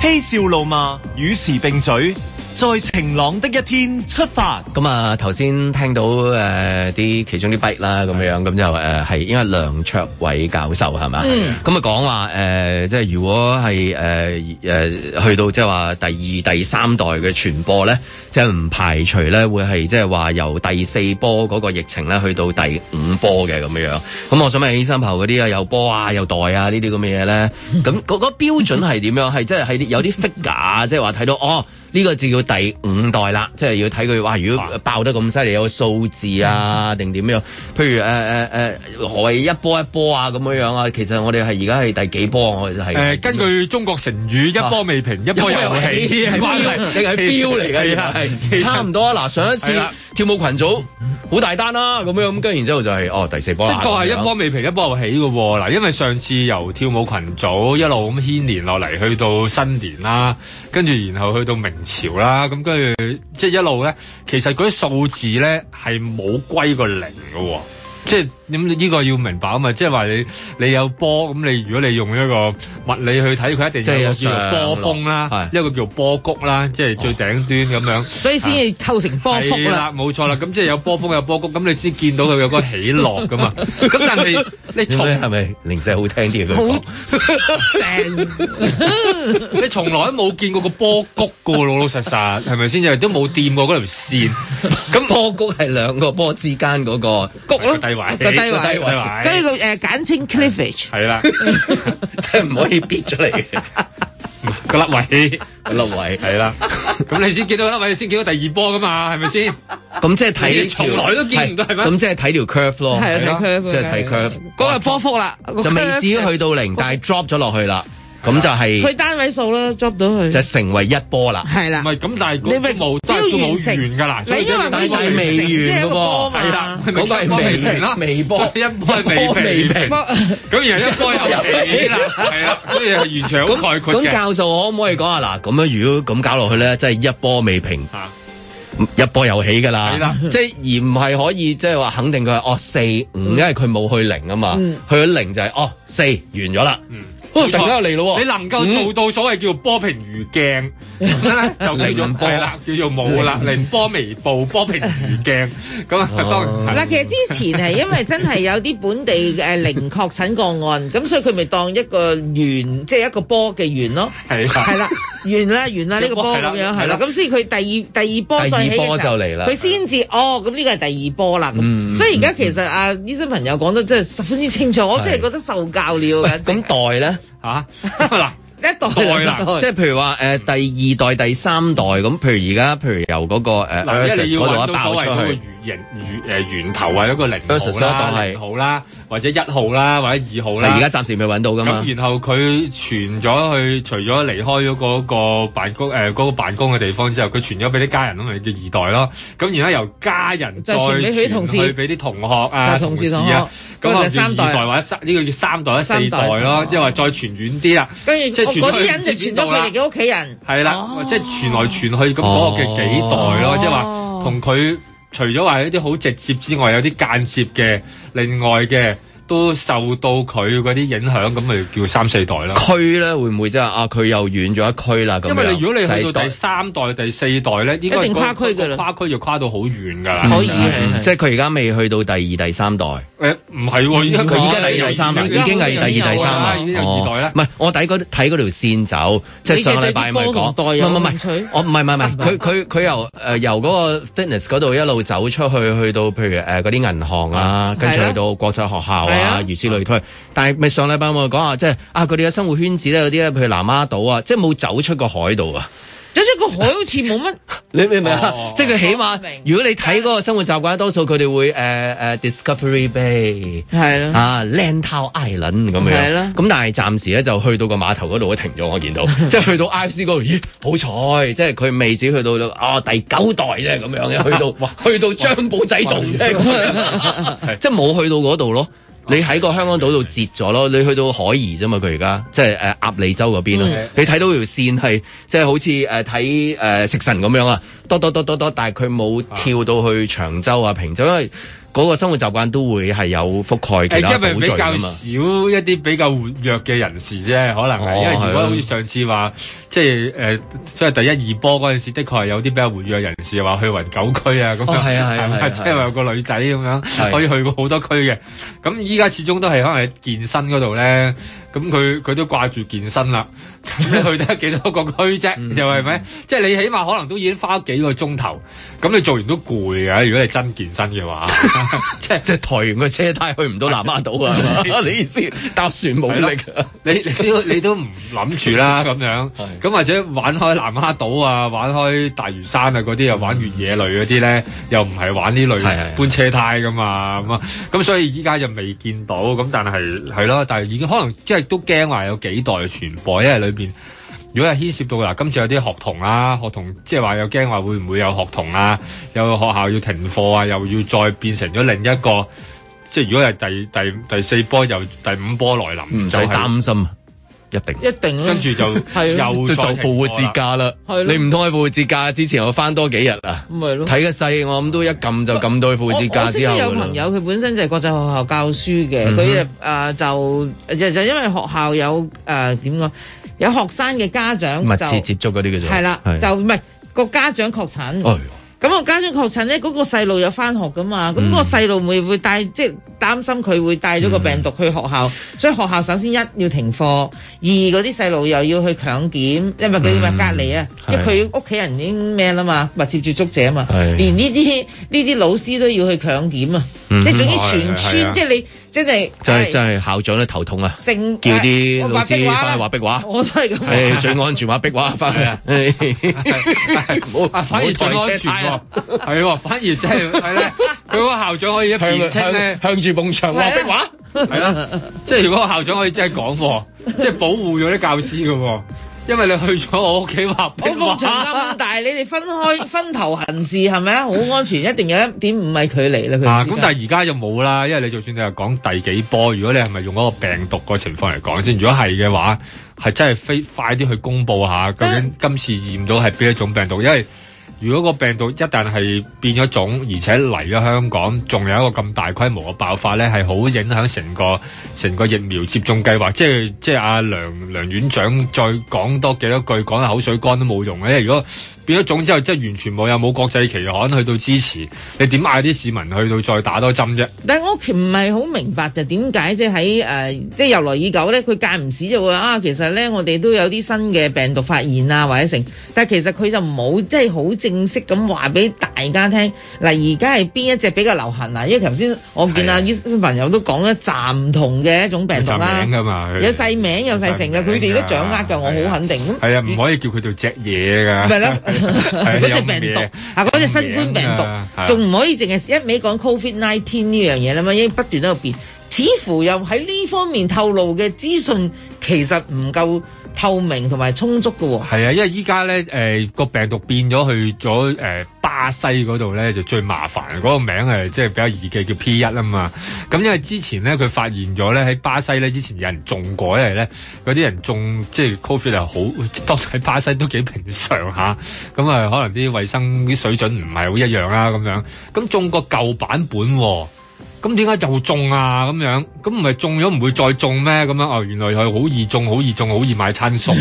嬉笑怒罵，與時並舉。在晴朗的一天出發。咁啊、嗯，頭先聽到誒啲、呃、其中啲 bite 啦，咁、嗯、樣咁就誒係，因、呃、為梁卓偉教授係嘛，咁啊講話誒，即係如果係誒誒去到即係話第二第三代嘅傳播咧，即係唔排除咧會係即係話由第四波嗰個疫情咧去到第五波嘅咁樣。咁我想問起生頭嗰啲啊，有波有啊，有代啊呢啲咁嘅嘢咧，咁嗰嗰標準係點樣？係即係係有啲 figure，即係話睇到哦。呢個字叫第五代啦，即係要睇佢。哇！如果爆得咁犀利，有個數字啊，定點樣？譬如誒誒誒，何、呃、為、呃呃、一波一波啊？咁樣樣啊，其實我哋係而家係第幾波？我哋係誒，根據中國成語，一波未平，啊、一波又起，係係標嚟㗎，係係差唔多啊！嗱，上一次的跳舞群組好大單啦、啊，咁樣咁，跟然之後就係、是、哦第四波啦。的確係一波未平，一波又起嘅喎。嗱，因為上次由跳舞群組一路咁牽連落嚟，去到新年啦，跟住然後去到明潮啦，咁跟住即係一路咧，其實嗰啲數字咧係冇歸個零噶。即係咁，呢個要明白啊嘛！即係話你你有波咁，你如果你用一個物理去睇，佢一定有波峰啦，一個叫波谷啦，即係最頂端咁樣。所以先係構成波峯啦。係啦，冇錯啦。咁即係有波峰有波谷，咁你先見到佢有個起落噶嘛？咁但係你從係咪零舍好聽啲咁講？你從來都冇見過個波谷個，老老實實係咪先？又都冇掂過嗰條線。咁波谷係兩個波之間嗰個谷個低位，位，跟住個誒簡稱 cliffage，係啦，即係唔可以跌出嚟嘅，個粒位，粒位係啦，咁你先見到粒位，你先見到第二波噶嘛，係咪先？咁即係睇，從來都見唔到係咪？咁即係睇條 curve 咯，係啊睇 curve，即係睇 curve，嗰個波幅啦，就未至於去到零，但係 drop 咗落去啦。咁就係佢單位數啦，捉到佢就成為一波啦，係啦。唔係咁，但係你咪冇標完成㗎啦。你應該話未未完，即係一個波嚟啦。嗰個未平啦，微波一波未平。咁而係一波又起啦，係啦。所以係完全好概括嘅。咁教授，我可唔可以講下啊？嗱，咁樣如果咁搞落去咧，即係一波未平，一波又起㗎啦。即係而唔係可以即係話肯定佢係哦四唔，因為佢冇去零啊嘛。去咗零就係哦四完咗啦。突然間嚟咯，你能夠做到所謂叫做波平如鏡，就叫做波啦，叫做冇啦，零波微步，波平如鏡，咁啊當然係。嗱，其實之前係因為真係有啲本地嘅零確診個案，咁所以佢咪當一個圓，即係一個波嘅圓咯，係啦，圓啦，圓啦呢個波咁樣係啦，咁所以佢第二第二波再起，第二波就嚟啦，佢先至哦，咁呢個係第二波啦，所以而家其實啊醫生朋友講得真係十分之清楚，我真係覺得受教了。咁代咧？吓嗱、啊、 一代啦，代即係譬如話誒、呃、第二代、第三代咁，譬如而家譬如由嗰、嗰個誒嗰度一爆出去。源誒源頭係一個零號啦，當係零號啦，或者一號啦，或者二號啦。而家暫時未揾到㗎嘛。咁然後佢傳咗去，除咗離開咗嗰個辦公誒嗰個辦公嘅地方之後，佢傳咗俾啲家人啊，叫二代咯。咁然後由家人再傳去俾啲同學啊、同事啊。咁三代或者呢個叫三代啊、四代咯，即係話再傳遠啲啦。即係嗰啲人就傳咗佢哋嘅屋企人。係啦，即係傳來傳去咁嗰個嘅幾代咯，即係話同佢。除咗話一啲好直接之外，有啲間接嘅，另外嘅都受到佢嗰啲影響，咁咪叫三四代啦。區咧會唔會即係啊？佢又遠咗一區啦。因為你如果你去到第三代、第四代咧，一定跨區㗎啦，跨區就跨到好遠㗎啦。可以，即係佢而家未去到第二、第三代。誒，唔係喎，佢而家第二、第三啦。已經係第二、第三啦。由二、哦、代啦。唔係，我睇嗰睇嗰條線走，即係上禮拜咪講，唔係唔係，唔係佢佢佢由誒、呃、由嗰個 fitness 嗰度一路走出去，去到譬如誒嗰啲銀行啊， 跟住去到國際學校啊， 啊如此類推。但係咪上禮拜我講啊，即係啊，佢哋嘅生活圈子咧，有啲咧，譬如南丫島啊，即係冇走出過海度啊。有一個海好似冇乜，你明唔明啊？即係佢起碼，如果你睇嗰個生活習慣，多數佢哋會誒誒 Discovery Bay 係咯，啊 Lantau Island 咁樣，但係暫時咧就去到個碼頭嗰度停咗。我見到，即係去到 IFC 嗰度，咦，好彩！即係佢未至於去到啊第九代啫咁樣嘅，去到去到張保仔洞。即係冇去到嗰度咯。你喺個香港島度截咗咯，你去到海怡啫嘛，佢而家即係誒、呃、鴨脷洲嗰邊咯，嗯、你睇到條線係即係好似誒睇誒食神咁樣啊，多多多多多，但係佢冇跳到去長洲啊平洲，因為。嗰個生活習慣都會係有覆蓋嘅，係因為比較少一啲比較活躍嘅人士啫，可能係，哦、因為如果好似上次話，即係誒，即、呃、係第一二波嗰陣時，的確係有啲比較活躍人士話去雲九區啊，咁、哦、樣係啊係啊，即係話有個女仔咁樣、哦啊啊啊、可以去過好多區嘅，咁依家始終都係可能喺健身嗰度咧。咁佢佢都掛住健身啦，咁你去得幾多個區啫？又係咪？嗯、 即係你起碼可能都已經花幾個鐘頭，咁你做完都攰㗎。如果你真健身嘅話，即係即係抬完個車胎去唔到南丫島啊？你意思搭船冇力？你你，你都你都唔諗住啦咁樣。咁 的或者玩開南丫島啊，玩開大嶼山啊嗰啲，又玩越野類嗰啲咧，又唔係玩呢類搬車胎㗎嘛？咁啊，咁所以依家就未見到。咁但係係咯，但係已經，已經可能、就係、即係。都驚話有幾代傳播，因為裏邊如果係牽涉到嗱，今次有啲學童啦、啊，學童即係話有驚話會唔會有學童啊？有學校要停課啊，又要再變成咗另一個，即係如果係第第第四波又第五波來臨，唔使擔心。即係一定，一定跟住就又就復活節假啦，係你唔通喺復活節假之前又翻多幾日啊？唔係咯，睇個勢，我諗都一撳就撳到去復活節假之後啦。我我識得有朋友，佢本身就係國際學校教書嘅，佢誒、嗯、哼就、呃、就就因為學校有誒點講，有學生嘅家長密切接觸嗰啲叫做係啦，就唔係個家長確診。哎咁我家長確診咧，嗰、嗯、個細路有返學㗎嘛，咁個細路會會帶即係、就是、擔心佢會帶咗個病毒去學校，嗯、所以學校首先一要停課，二嗰啲細路又要去強檢，嗯、因為佢話隔離啊，因為佢屋企人已經咩啦嘛，密切接觸者啊嘛，啊連呢啲呢啲老師都要去強檢啊，即係、嗯、哼總之全村即係、啊、你。真係真係校長都頭痛啊！叫啲老師翻去畫壁畫，我真係咁。誒，最安全畫壁畫翻去啊！唔好，反而最安全喎，係喎，反而真係係咧。佢嗰個校長可以一邊向住埲牆畫壁畫，係啦。即係如果個校長可以真係講課，即係保護咗啲教師噶。因為你去咗我屋企話，我屋邨咁大， 你哋分開分頭行事係咪啊？好安全， 一定有一點五米距離啦。離啊，咁但係而家就冇啦，因為你就算你係講第幾波，如果你係咪用嗰個病毒個情況嚟講先，如果係嘅話，係真係非快啲去公佈下究竟今次驗到係邊一種病毒，因為。如果個病毒一旦係變咗種，而且嚟咗香港，仲有一個咁大規模嘅爆發呢，係好影響成個成個疫苗接種計劃。即係即係，啊、阿梁梁院長再講多幾多句，講得口水乾都冇用咧。如果變咗種之後，即係完全冇有冇國際期刊去到支持，你點嗌啲市民去到再打多針啫？但係我其實唔係好明白就點解即係喺誒即係由來已久咧，佢間唔中就會啊，其實咧我哋都有啲新嘅病毒發現啊或者成，但係其實佢就冇即係好正式咁話俾大家聽。嗱，而家係邊一隻比較流行啊？因為頭先我見阿醫生朋友都講咗，暫同嘅一種病毒啦，有細名有細成嘅，佢哋都掌握㗎，的我好肯定。係啊，唔可以叫佢做隻嘢㗎。咪咯～嗰隻 病毒、嗯、啊，嗰隻新冠病毒仲唔可以淨係一味講 Covid Nineteen 呢樣嘢啦嘛，因為不斷喺度變，似乎又喺呢方面透露嘅資訊其實唔夠。透明同埋充足嘅喎、哦，係啊，因為依家咧，誒、呃、個病毒變咗去咗誒、呃、巴西嗰度咧，就最麻煩嗰、那個名誒，即係比較易記叫 P1 啊嘛。咁因為之前咧，佢發現咗咧喺巴西咧，之前有人種過呢，因為咧嗰啲人種即係 COVID 又好，當喺巴西都幾平常吓。咁啊，可能啲衛生啲水準唔係好一樣啦、啊，咁樣咁種個舊版本、哦。咁點解又中啊？咁樣，咁唔係中咗唔會再中咩？咁樣，哦，原來佢好易中，好易中，好易買餐餸。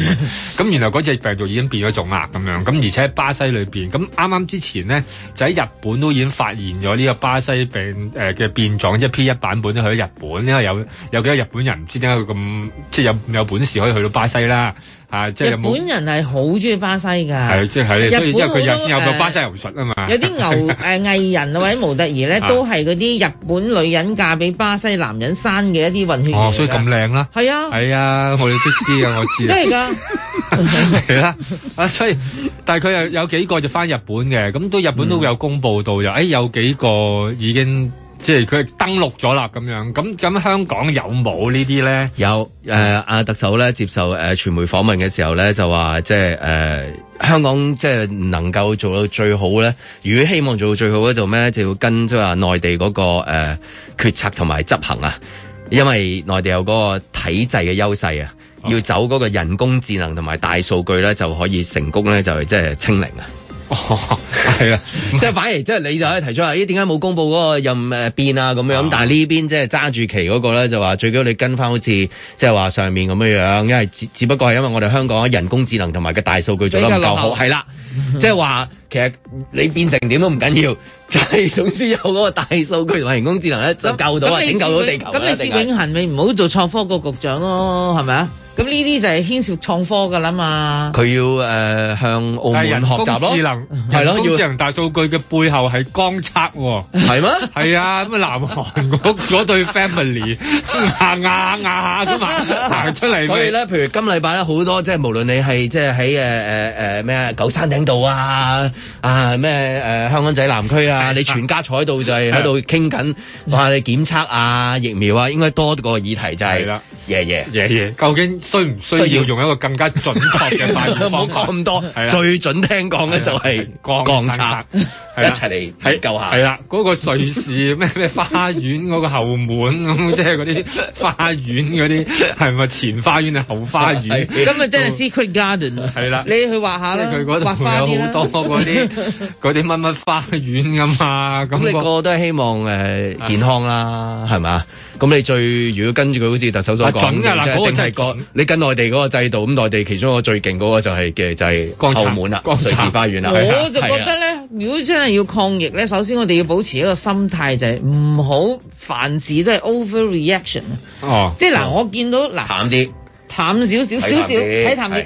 咁 原來嗰隻病毒已經變咗種啦！咁樣，咁而且喺巴西裏邊，咁啱啱之前咧就喺日本都已經發現咗呢個巴西病誒嘅、呃、變種，即係 P 一版本都去咗日本，因為有有幾多日本人唔知點解佢咁即係有有本事可以去到巴西啦。啊！即係日本人係好中意巴西㗎，係即係，所以因為佢又先有咗巴西柔術啊嘛。有啲牛誒藝人或者模特兒咧，都係嗰啲日本女人嫁俾巴西男人生嘅一啲混血。哦，所以咁靚啦，係啊，係啊，我哋都知啊，我知。即係㗎，係啦。啊，所以但係佢又有幾個就翻日本嘅，咁都日本都會有公佈到就，誒有幾個已經。即係佢登錄咗啦，咁樣咁咁香港有冇呢啲咧？有，誒，阿特首咧接受誒傳媒訪問嘅時候咧，就話即係誒香港即係能夠做到最好咧。如果希望做到最好咧，做咩咧？就要跟即話內地嗰個誒決策同埋執行啊，因為內地有嗰個體制嘅優勢啊，要走嗰個人工智能同埋大數據咧，就可以成功咧，就即係清零啊！係啊， 即係反而即係你就可以提出話，咦，哎，點解冇公布嗰個任誒邊啊咁樣？但係呢邊即係揸住旗嗰個咧，就話最緊要你跟翻好似即係話上面咁樣樣，因為只只不過係因為我哋香港人工智能同埋嘅大數據做得唔夠好，係啦，了 即係話其實你變成點都唔緊要緊，就係、是、總之有嗰個大數據同人工智能咧就救到、嗯、拯救到地球啦。咁你薛永恆，是你唔好做創科局局長咯，係咪啊？咁呢啲就係牽涉創科噶啦嘛，佢要誒、呃、向澳門學習咯。人工智能係咯， 人工智能大數據嘅背後係光測喎、哦，係 嗎？係 啊，咁啊南韓嗰咗對 family 行壓壓下啫嘛，行出嚟。 所以咧，譬如今禮拜咧好多，即係無論你係即係喺誒誒誒咩啊九山頂度啊啊咩誒、啊啊 uh，香港仔南區啊，你全家坐喺度就係喺度傾緊話你檢測啊疫苗啊，應該多個議題就係、是。 爺爺爺爺，究竟需唔需要用一個更加準確嘅發言？唔好講咁多，最準聽講咧就係鋼刷，一齊嚟研究下。係啦，嗰個瑞士咩咩花園嗰個後門咁，即係嗰啲花園嗰啲係咪前花園定後花園？咁啊，真係 secret garden。係啦，你去畫下佢嗰度有好多嗰啲啲乜乜花園咁嘛。咁你個個都係希望誒健康啦，係咪？咁你最如果跟住佢好似特首所講，準㗎啦，嗰個就係個你跟內地嗰個制度咁，內地其中一個最勁嗰個就係嘅就係後門啦，水池花園啦。我就覺得咧，如果真係要抗疫咧，首先我哋要保持一個心態，就係唔好凡事都係 overreaction 哦，即係嗱，我見到嗱，淡啲，淡少少少少，睇淡啲。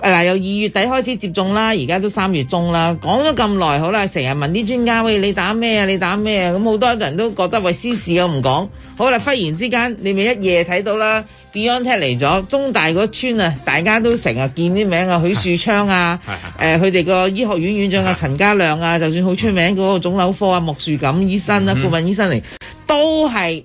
嗱，由二月底開始接種啦，而家都三月中啦。講咗咁耐，好啦，成日問啲專家喂，你打咩啊？你打咩啊？咁好多人都覺得喂，私事我唔講。好啦，忽然之間你咪一夜睇到啦，BioNTech 嚟咗，中大嗰村啊，大家都成日見啲名啊，許樹昌啊，誒佢哋個醫學院院長啊，陳家亮啊，就算好出名嗰個腫瘤科啊，莫樹錦醫生啊，嗯、哼顧問醫生嚟，都係。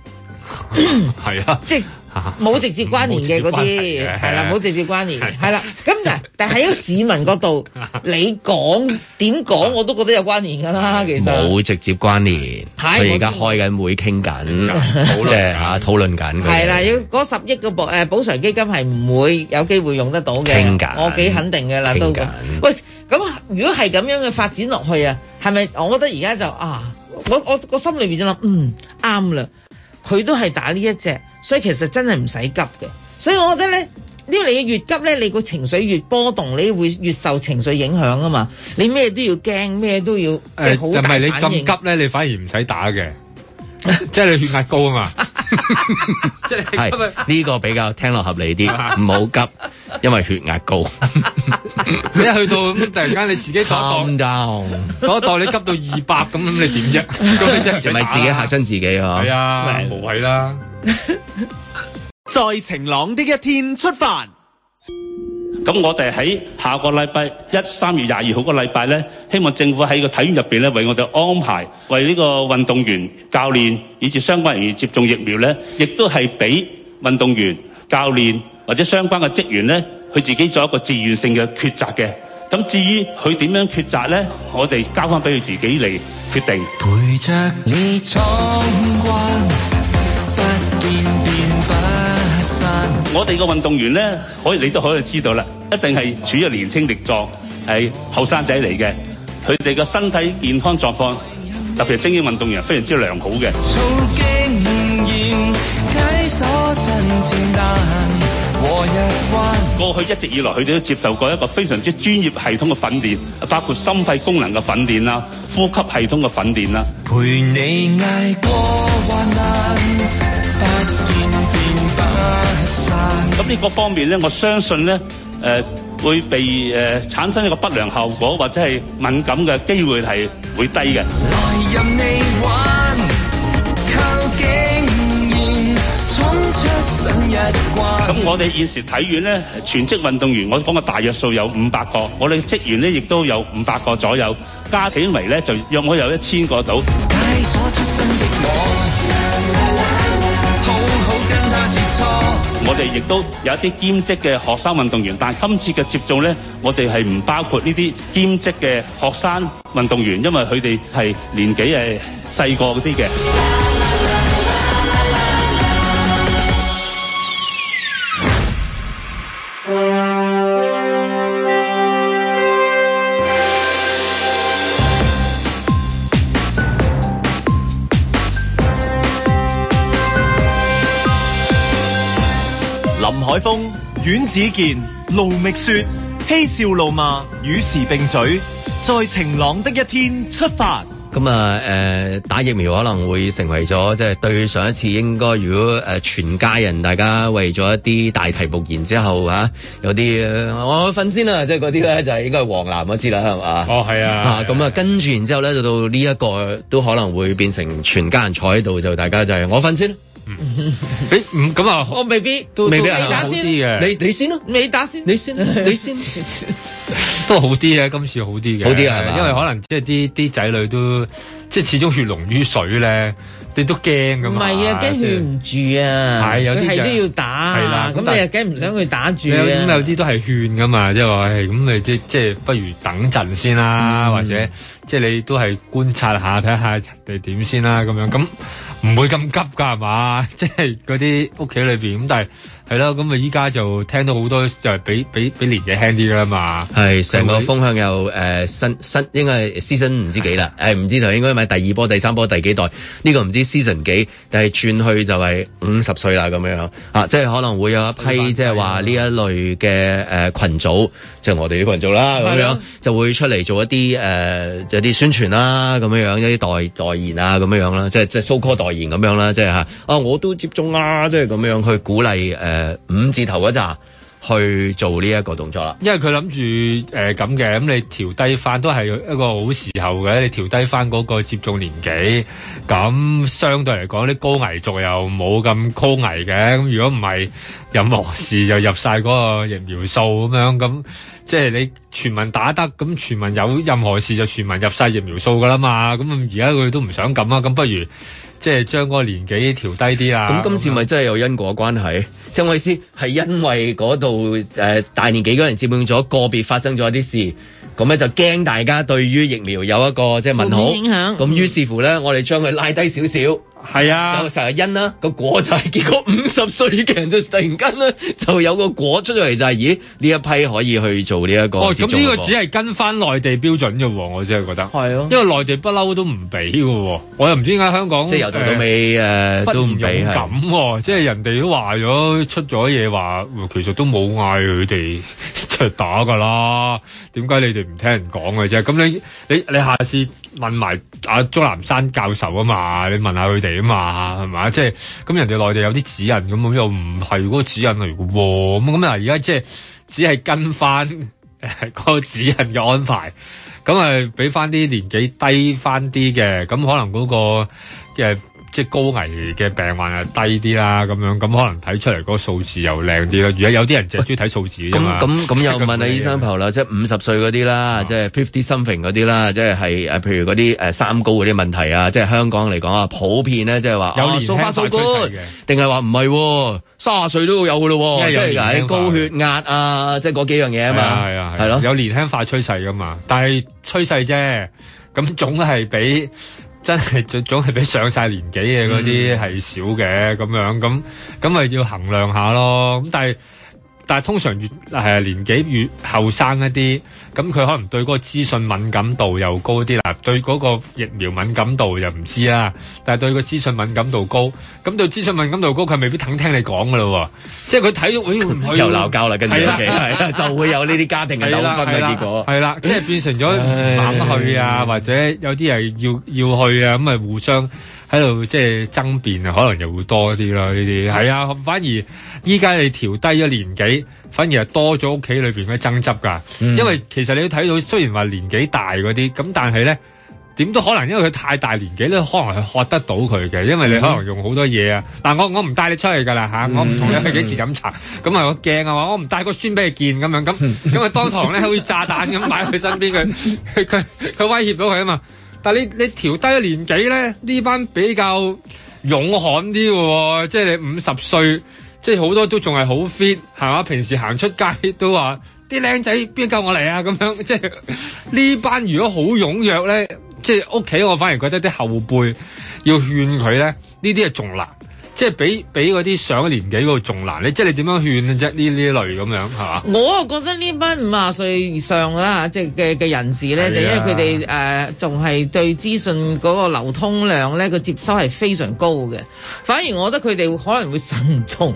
係啊，即係冇直接關聯嘅嗰啲，係啦，冇直接關聯，係啦。咁嗱，但係喺個市民嗰度，你講點講，我都覺得有關聯噶啦。其實冇直接關聯，佢而家開緊會，傾緊即係吓討論緊。係啦，嗰十億個保誒補償基金係唔會有機會用得到嘅。傾我幾肯定噶啦都。喂，咁如果係咁樣嘅發展落去啊，係咪？我覺得而家就啊，我我我心裏邊就諗，嗯，啱啦。佢都係打呢一隻，所以其實真係唔使急嘅。所以我覺得咧，因為你越急咧，你個情緒越波動，你會越受情緒影響啊嘛。你咩都要驚，咩都要，即係好大反應。唔係，欸，你咁急咧，你反而唔使打嘅。 即係你血壓高啊嘛，即係呢個比較聽落合理啲，唔好 急，因為血壓高，一 去到突然間你自己，calm down，嗰度你急到二百咁，你點啫？咁即係咪自己吓親自己啊？係啊，無謂啦。在晴朗的一天出發。 咁我哋喺下個禮拜一、三月廿二號個禮拜呢，希望政府喺個體院入面呢，為我哋安排為呢個運動員、教練以至相關人員接種疫苗呢，亦都係俾運動員、教練或者相關嘅職員呢，佢自己做一個自願性嘅抉擇嘅。咁至於佢點樣抉擇呢，我哋交翻俾佢自己嚟決定。我哋個運動員呢，可以你都可以知道啦，一定係處於年青力壯，係後生仔嚟嘅，佢哋個身體健康狀況，特別係精英運動員非常之良好嘅。過去一直以來，佢哋都接受過一個非常之專業系統嘅訓練，包括心肺功能嘅訓練啦、呼吸系統嘅訓練啦。陪你捱過患難咁呢個方面呢，我相信呢，誒、呃、會被誒、呃、產生一個不良後果或者係敏感嘅機會係會低嘅。咁我哋現時體院呢，全職運動員，我講個大約數有五百個，我哋職員呢亦都有五百個左右，加起嚟呢，就約莫有一千個到。我好好跟他我哋亦都有一啲兼職嘅學生運動員，但係今次嘅接種咧，我哋係唔包括呢啲兼職嘅學生運動員，因為佢哋係年紀誒細個啲嘅。呃阮子健、盧覓雪，嬉笑怒罵，與時並舉。在晴朗的一天出發。咁啊、嗯，誒、呃，打疫苗可能會成為咗，即、就、係、是、對上一次應該如果誒、呃、全家人大家為咗一啲大題目然之後吓有啲，我瞓先啦，即係嗰啲咧就係應該係黃藍嗰支啦，係嘛？哦，係啊。啊，咁啊，就是哦、跟住然之後咧，就到到呢一個都可能會變成全家人坐喺度，就大家就係我瞓先。誒，咁啊，我未必未必打先知嘅，你你先咯，你打先，你先，你先，都好啲嘅，今次好啲嘅，好啲係因為可能即係啲啲仔女都即係始終血濃於水咧，你都驚噶嘛？唔係啊，驚勸唔住啊，係有啲要打啊，咁你又梗唔想去打住，咁有啲都係勸噶嘛，即係話咁你即即係不如等陣先啦，或者即係你都係觀察下，睇下人哋點先啦，咁樣咁。唔會咁急㗎，係嘛？即係嗰啲屋企裏邊咁，但係。係咯，咁啊依家就聽到好多就係、是、比比比年紀輕啲啦嘛，係成個方向又誒、呃、新新應該 season 唔知幾啦，係唔的、呃、知就應該係第二波、第三波、第幾代呢、這個唔知 season 幾，但係轉去就係五十歲啦咁樣啊，即、就、係、是、可能會有一批即係話呢一類嘅誒羣組，即、就、係、是、我哋啲群組啦咁樣，的就會出嚟做一啲誒、呃、有啲宣傳啦咁樣樣，有啲代代言啊咁樣樣啦，即係即係 so called 代言咁樣啦，即係嚇啊我都接種啦，即係咁樣去鼓勵誒。誒，五字頭嗰陣去做呢一個動作啦，因為佢諗住誒咁嘅，咁你調低翻都係一個好時候嘅，你調低翻嗰個接種年紀，咁相對嚟講啲高危族又冇咁高危嘅，咁如果唔係任何事就入晒嗰個疫苗數咁樣，咁即係你全民打得，咁全民有任何事就全民入晒疫苗數噶啦嘛，咁而家佢都唔想咁啊，咁不如。即係將嗰個年紀調低啲啊！咁今次咪真係有因果關係？ 即係我意思係因為嗰度，誒，大年紀嗰人接種咗個別發生咗啲事，咁咧就驚大家對於疫苗有一個即係問號。咁於是乎咧，我哋將佢拉低少少。係啊，有成日因啦，個果就係、是、結果五十歲嘅人就突然間咧就有個果出咗嚟就係、是，咦呢一批可以去做呢一個咁呢、哦、個吧只係跟翻內地標準嘅，我真係覺得係咯，啊、因為內地不嬲都唔俾嘅，我又唔知點解香港即係由頭到尾誒、呃、忽然 都唔俾咁，哦、是即係人哋都話咗出咗嘢話，其實都冇嗌佢哋出打噶啦，點解你哋唔聽人講嘅啫？咁你你你下次？問埋阿鍾南山教授啊嘛，你問下佢哋啊嘛，係嘛？即係咁人哋內地有啲指引咁，又唔係嗰個指引嚟嘅喎。咁咁啊，而家即係只係跟翻嗰個指引嘅安排。咁啊，俾翻啲年紀低翻啲嘅，咁可能嗰個嘅。即係高危嘅病患係低啲啦，咁樣咁可能睇出嚟嗰個數字又靚啲咯。如果有啲人淨係中意睇數字啫嘛。咁咁咁又問下醫生朋友啦，即係五十歲嗰啲啦，即係 fifty something 嗰啲啦，即係係誒，譬如嗰啲誒三高嗰啲問題啊，即係香港嚟講啊，普遍咧即係話有年輕化趨勢嘅，定係話唔係卅歲都有嘅咯，即係講高血壓啊，即係嗰幾樣嘢啊嘛，係咯，有年輕化趨勢嘅嘛，但係趨勢啫，咁總係比。真係總總係比上晒年紀嘅嗰啲係少嘅，咁樣咁咁咪要衡量下咯，咁但係。但係通常越係年紀越後生一啲，咁佢可能對嗰個資訊敏感度又高啲啦，對嗰個疫苗敏感度又唔知啦，但係對個資訊敏感度高，咁對資訊敏感度高，佢未必肯聽你講噶咯，即係佢睇到，咦、哎，哎、又鬧交啦，跟住係就會有呢啲家庭嘅糾紛嘅結果，係啦，即係變成咗唔去啊， 或者有啲人要要去啊，咁啊互相。喺度即係爭辯啊，可能又會多啲啦，呢啲係啊，反而依家你調低咗年紀，反而係多咗屋企裏邊嘅爭執㗎。嗯、因為其實你都睇到，雖然話年紀大嗰啲，咁但係咧點都可能，因為佢太大年紀咧，可能係學得到佢嘅。因為你可能用好多嘢、嗯、啊，嗱我我唔帶你出去㗎啦吓，我唔同你去幾次飲茶，咁啊、嗯嗯、我驚啊 嘛，我唔帶個孫俾佢見咁樣咁，因為當堂咧好似炸彈咁擺喺佢身邊，佢佢威脅到佢啊嘛。但係你你調低年紀咧，呢班比較勇悍啲嘅喎，即係你五十歲，即係好多都仲係好 fit，係嘛？平時行出街都話啲僆仔邊夠我嚟啊！咁樣，即係呢班如果好踴躍咧，即係屋企我反而覺得啲後輩要勸佢咧，呢啲係仲難。即係俾俾嗰啲上一年紀嗰個仲難，你即係你點樣勸啊？啫呢呢類咁樣係嘛？我啊覺得呢班五廿歲以上啦，即係嘅嘅人士咧，是啊、就因為佢哋誒仲係對資訊嗰個流通量咧，個接收係非常高嘅，反而我覺得佢哋可能會慎重。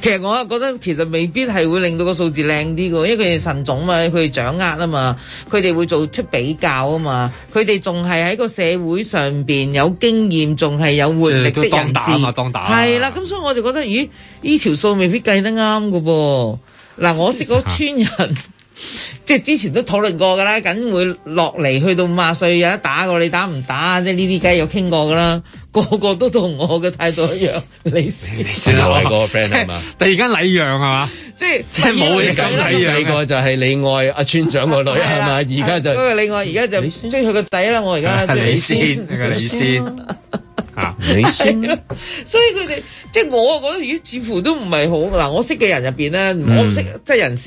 其實我係覺得其實未必係會令到個數字靚啲嘅，因為佢哋慎重嘛，佢哋掌握啊嘛，佢哋會做出比較啊嘛，佢哋仲係喺個社會上邊有經驗，仲係有活力的人士，當打，係啦，咁所以我就覺得咦，呢條數未必計得啱㗎噃。嗱、啊，我識個村人。 即係之前都討論過噶啦，梗會落嚟，去到五廿歲有得打過，你打唔打？即係呢啲梗有傾過噶啦，個個都同我嘅態度一樣。你先，啊、你愛個 friend 係嘛？但而家禮讓係嘛？即係冇嘢，咁禮讓嘅。細個就係你愛阿村長個女係嘛？而家就不過你愛而家就追佢個仔啦。我而家係你先，係先、啊。啊你識，所以佢哋即係我覺得，而似乎都唔係好嗱，我識嘅人入邊咧，我唔識，即係人少，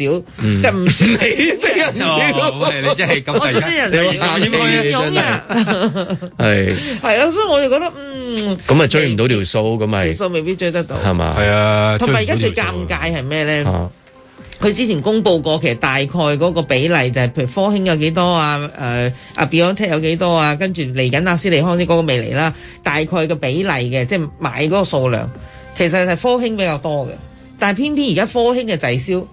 就唔算係識，唔算。你即係咁，真係人少，我哋唔夠。係係啦，所以我就覺得，嗯，咁啊追唔到條數，咁啊，條數未必追得到，係嘛，係啊。同埋而家最尷尬係咩咧？佢之前公佈過，其實大概嗰個比例就係、是、譬如科興有幾多啊，誒、呃、阿 BioNTech 有幾多啊，跟住嚟緊阿斯利康啲嗰個未嚟啦，大概嘅比例嘅，即、就、係、是、買嗰個數量，其實係科興比較多嘅，但係偏偏而家科興嘅滯銷。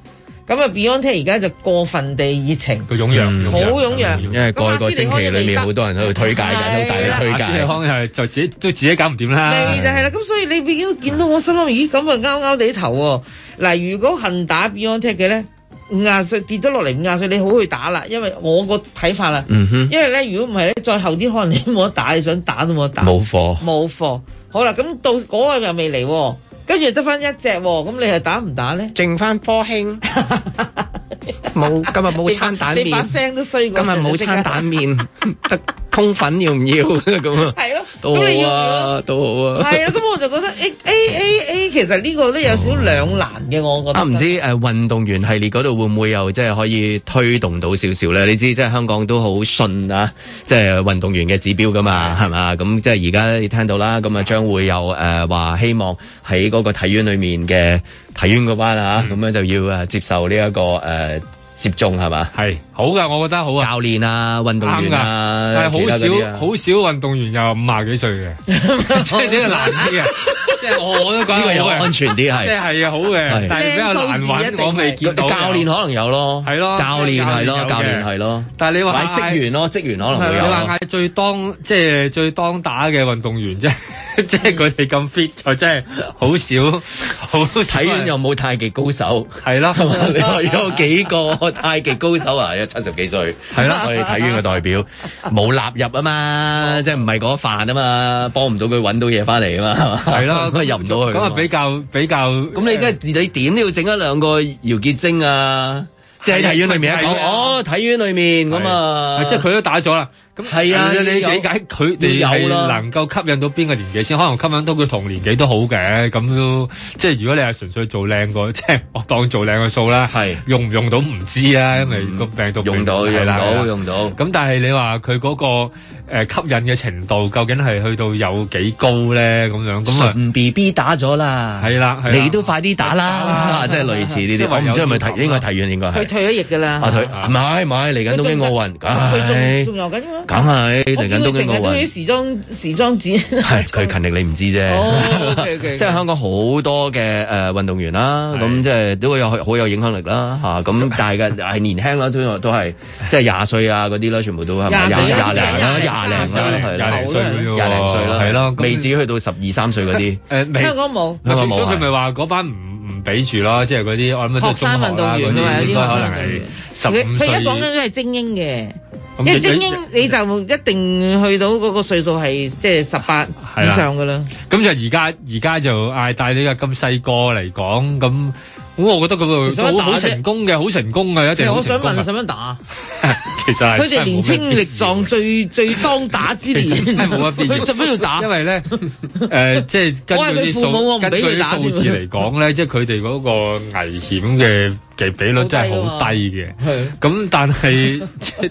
咁啊，BioNTech 而家就過分地熱情，踴躍、嗯，好踴躍。因為個個星期裏面好多人喺度推介嘅，都、嗯、大力推介。可能係就自己都自己搞唔掂啦。就係啦，咁所以你已經見到我心諗，咦，咁啊，啱啱地頭喎。嗱，如果恨打 BioNTech 嘅咧，五廿歲跌咗落嚟五廿歲，你好去打啦。因為我個睇法啦，嗯、哼因為咧，如果唔係咧，再後啲可能你冇得打，你想打都冇得打。冇貨火，冇貨。好啦，咁到嗰個又未嚟喎。跟住得翻一隻喎、哦，咁你係打唔打呢？剩翻科興。冇 今日冇餐蛋麵，把把聲都衰過今日冇餐蛋麵， 得通粉要唔要咁啊？係 咯樣，了都好啊，都好啊。係啊了，咁 我就覺得 A A A A 其實呢個都有少少兩難嘅，嗯、我覺得。唔、啊、知誒，運、呃、動員系列嗰度會唔會又即係可以推動到少少咧？你知即係香港都好信啊，即係運動員嘅指標噶嘛，係嘛？ 咁即係而家你聽到啦，咁啊將會有誒話、呃呃、希望喺嗰個體院裏面嘅。體院嗰班啊，咁、嗯、樣就要啊接受呢、這、一個誒、呃、接種係嘛？係好嘅，我覺得好啊。教練啊，運動員啊，但係好少，好、啊、少運動員又五廿幾歲嘅，即係比較難啲啊。 即係我都覺呢個有安全啲係，即係係啊好嘅，但係比較難揾。我未見到。教練可能有咯，係咯，教練係咯，教練係咯。但係你話嗌職員咯，職員可能會有。你話嗌最當即係最當打嘅運動員啫，即係佢哋咁 fit，就真係好少。好體院又冇太極高手，係咯。你話有幾個太極高手啊？有七十幾歲，係咯。我哋體院嘅代表冇納入啊嘛，即係唔係嗰飯啊嘛，幫唔到佢揾到嘢翻嚟啊嘛，係咯。咁啊入唔到去，咁啊比較比較，咁你即係你點都要整一兩個姚潔晶啊？即係體院裏面啊，講哦，體院裏面咁啊，即係佢都打咗啦。咁係啊，你你理解佢哋係能夠吸引到邊個年紀先？可能吸引到佢同年紀都好嘅。咁即係如果你係純粹做靚個，即係我當做靚個數啦。係用唔用到唔知啊，因為個病毒用到用到用到，咁但係你話佢嗰個。誒吸引嘅程度究竟係去到有幾高咧？咁樣咁啊，B B 打咗啦，係啦，你都快啲打啦，即係類似呢啲。我唔知係咪提，應該提完應該係。佢退咗役㗎啦。退，唔係唔係，嚟緊東京奧運，佢仲仲有緊。梗係，嚟緊東京奧運。我最近成時裝時裝展。佢勤力，你唔知啫。即係香港好多嘅誒運動員啦，咁即係都會有好有影響力啦嚇。咁但係年輕啦，都都係即係廿歲啊嗰啲啦，全部都係廿零啦廿零歲，廿零歲，廿零歲啦，係咯，未至於去到十二三歲嗰啲。誒，香港冇，佢咪冇。佢咪話嗰班唔唔俾住咯，即係嗰啲學生運動員啊，應該可能係十五歲。佢佢而家講緊都係精英嘅，因為精英你就一定去到嗰個歲數係即係十八以上噶啦。咁就而家而家就嗌帶呢個咁細個嚟講咁。咁我覺得佢部好成功嘅，好成功嘅一定。其實我想問，使乜打？其實係，佢哋年輕力壯，最最當打之年，真係冇乜必要。佢使乜要打？因為咧，誒，即係根據啲數，根據數字嚟講咧，即係佢哋嗰個危險嘅。其比率真係好低嘅，咁但係，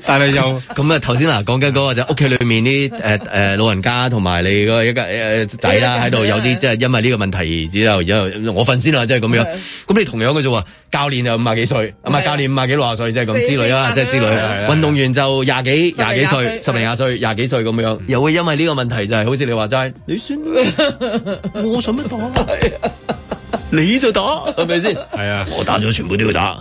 但係又咁啊！頭先嗱講緊嗰個就屋企裏面啲誒誒老人家同埋你個一個誒仔啦，喺度有啲即係因為呢個問題之後，之後我瞓先啦，即係咁樣。咁你同樣嘅啫喎，教練就五十幾歲，唔係教練五十幾六十歲，即係咁之類啦，即係之類。係啦，運動員就廿幾廿幾歲，十零廿歲，廿幾歲咁樣，又會因為呢個問題就係好似你話齋，你算我想乜打？你就打係咪先？係啊，我打咗全部都要打，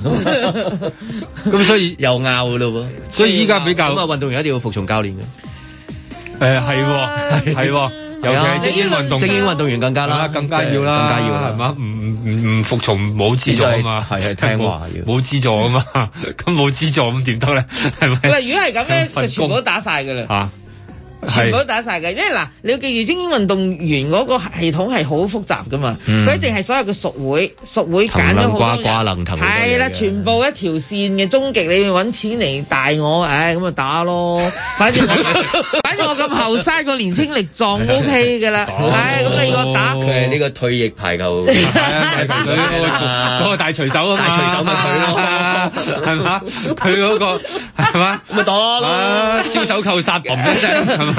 咁所以又拗嘅咯喎。所以依家比較咁啊，運動員一定要服從教練嘅。誒，係係，尤其係精英運動、精英運動員更加啦，更加要啦，更加要係嘛？唔唔唔服從冇資助啊嘛，係係聽話要冇資助啊嘛，咁冇資助咁點得咧？係咪？嗱，如果係咁咧，就全部都打晒噶啦吓。全部都打晒嘅，因為嗱，你要記住精英運動員嗰個系統係好複雜噶嘛，佢一定係所有嘅熟會熟會揀咗好多嘢，係啦，全部一條線嘅終極，你要揾錢嚟帶我，唉，咁啊打咯，反正反正我咁後生個年輕力壯，O K 嘅啦，唉，咁你個打，佢係呢個退役排球嗰個大錘手啊，大錘手咪佢啦，係嘛，佢嗰個係嘛，咪打咯，超手扣殺，嘭一聲，係嘛。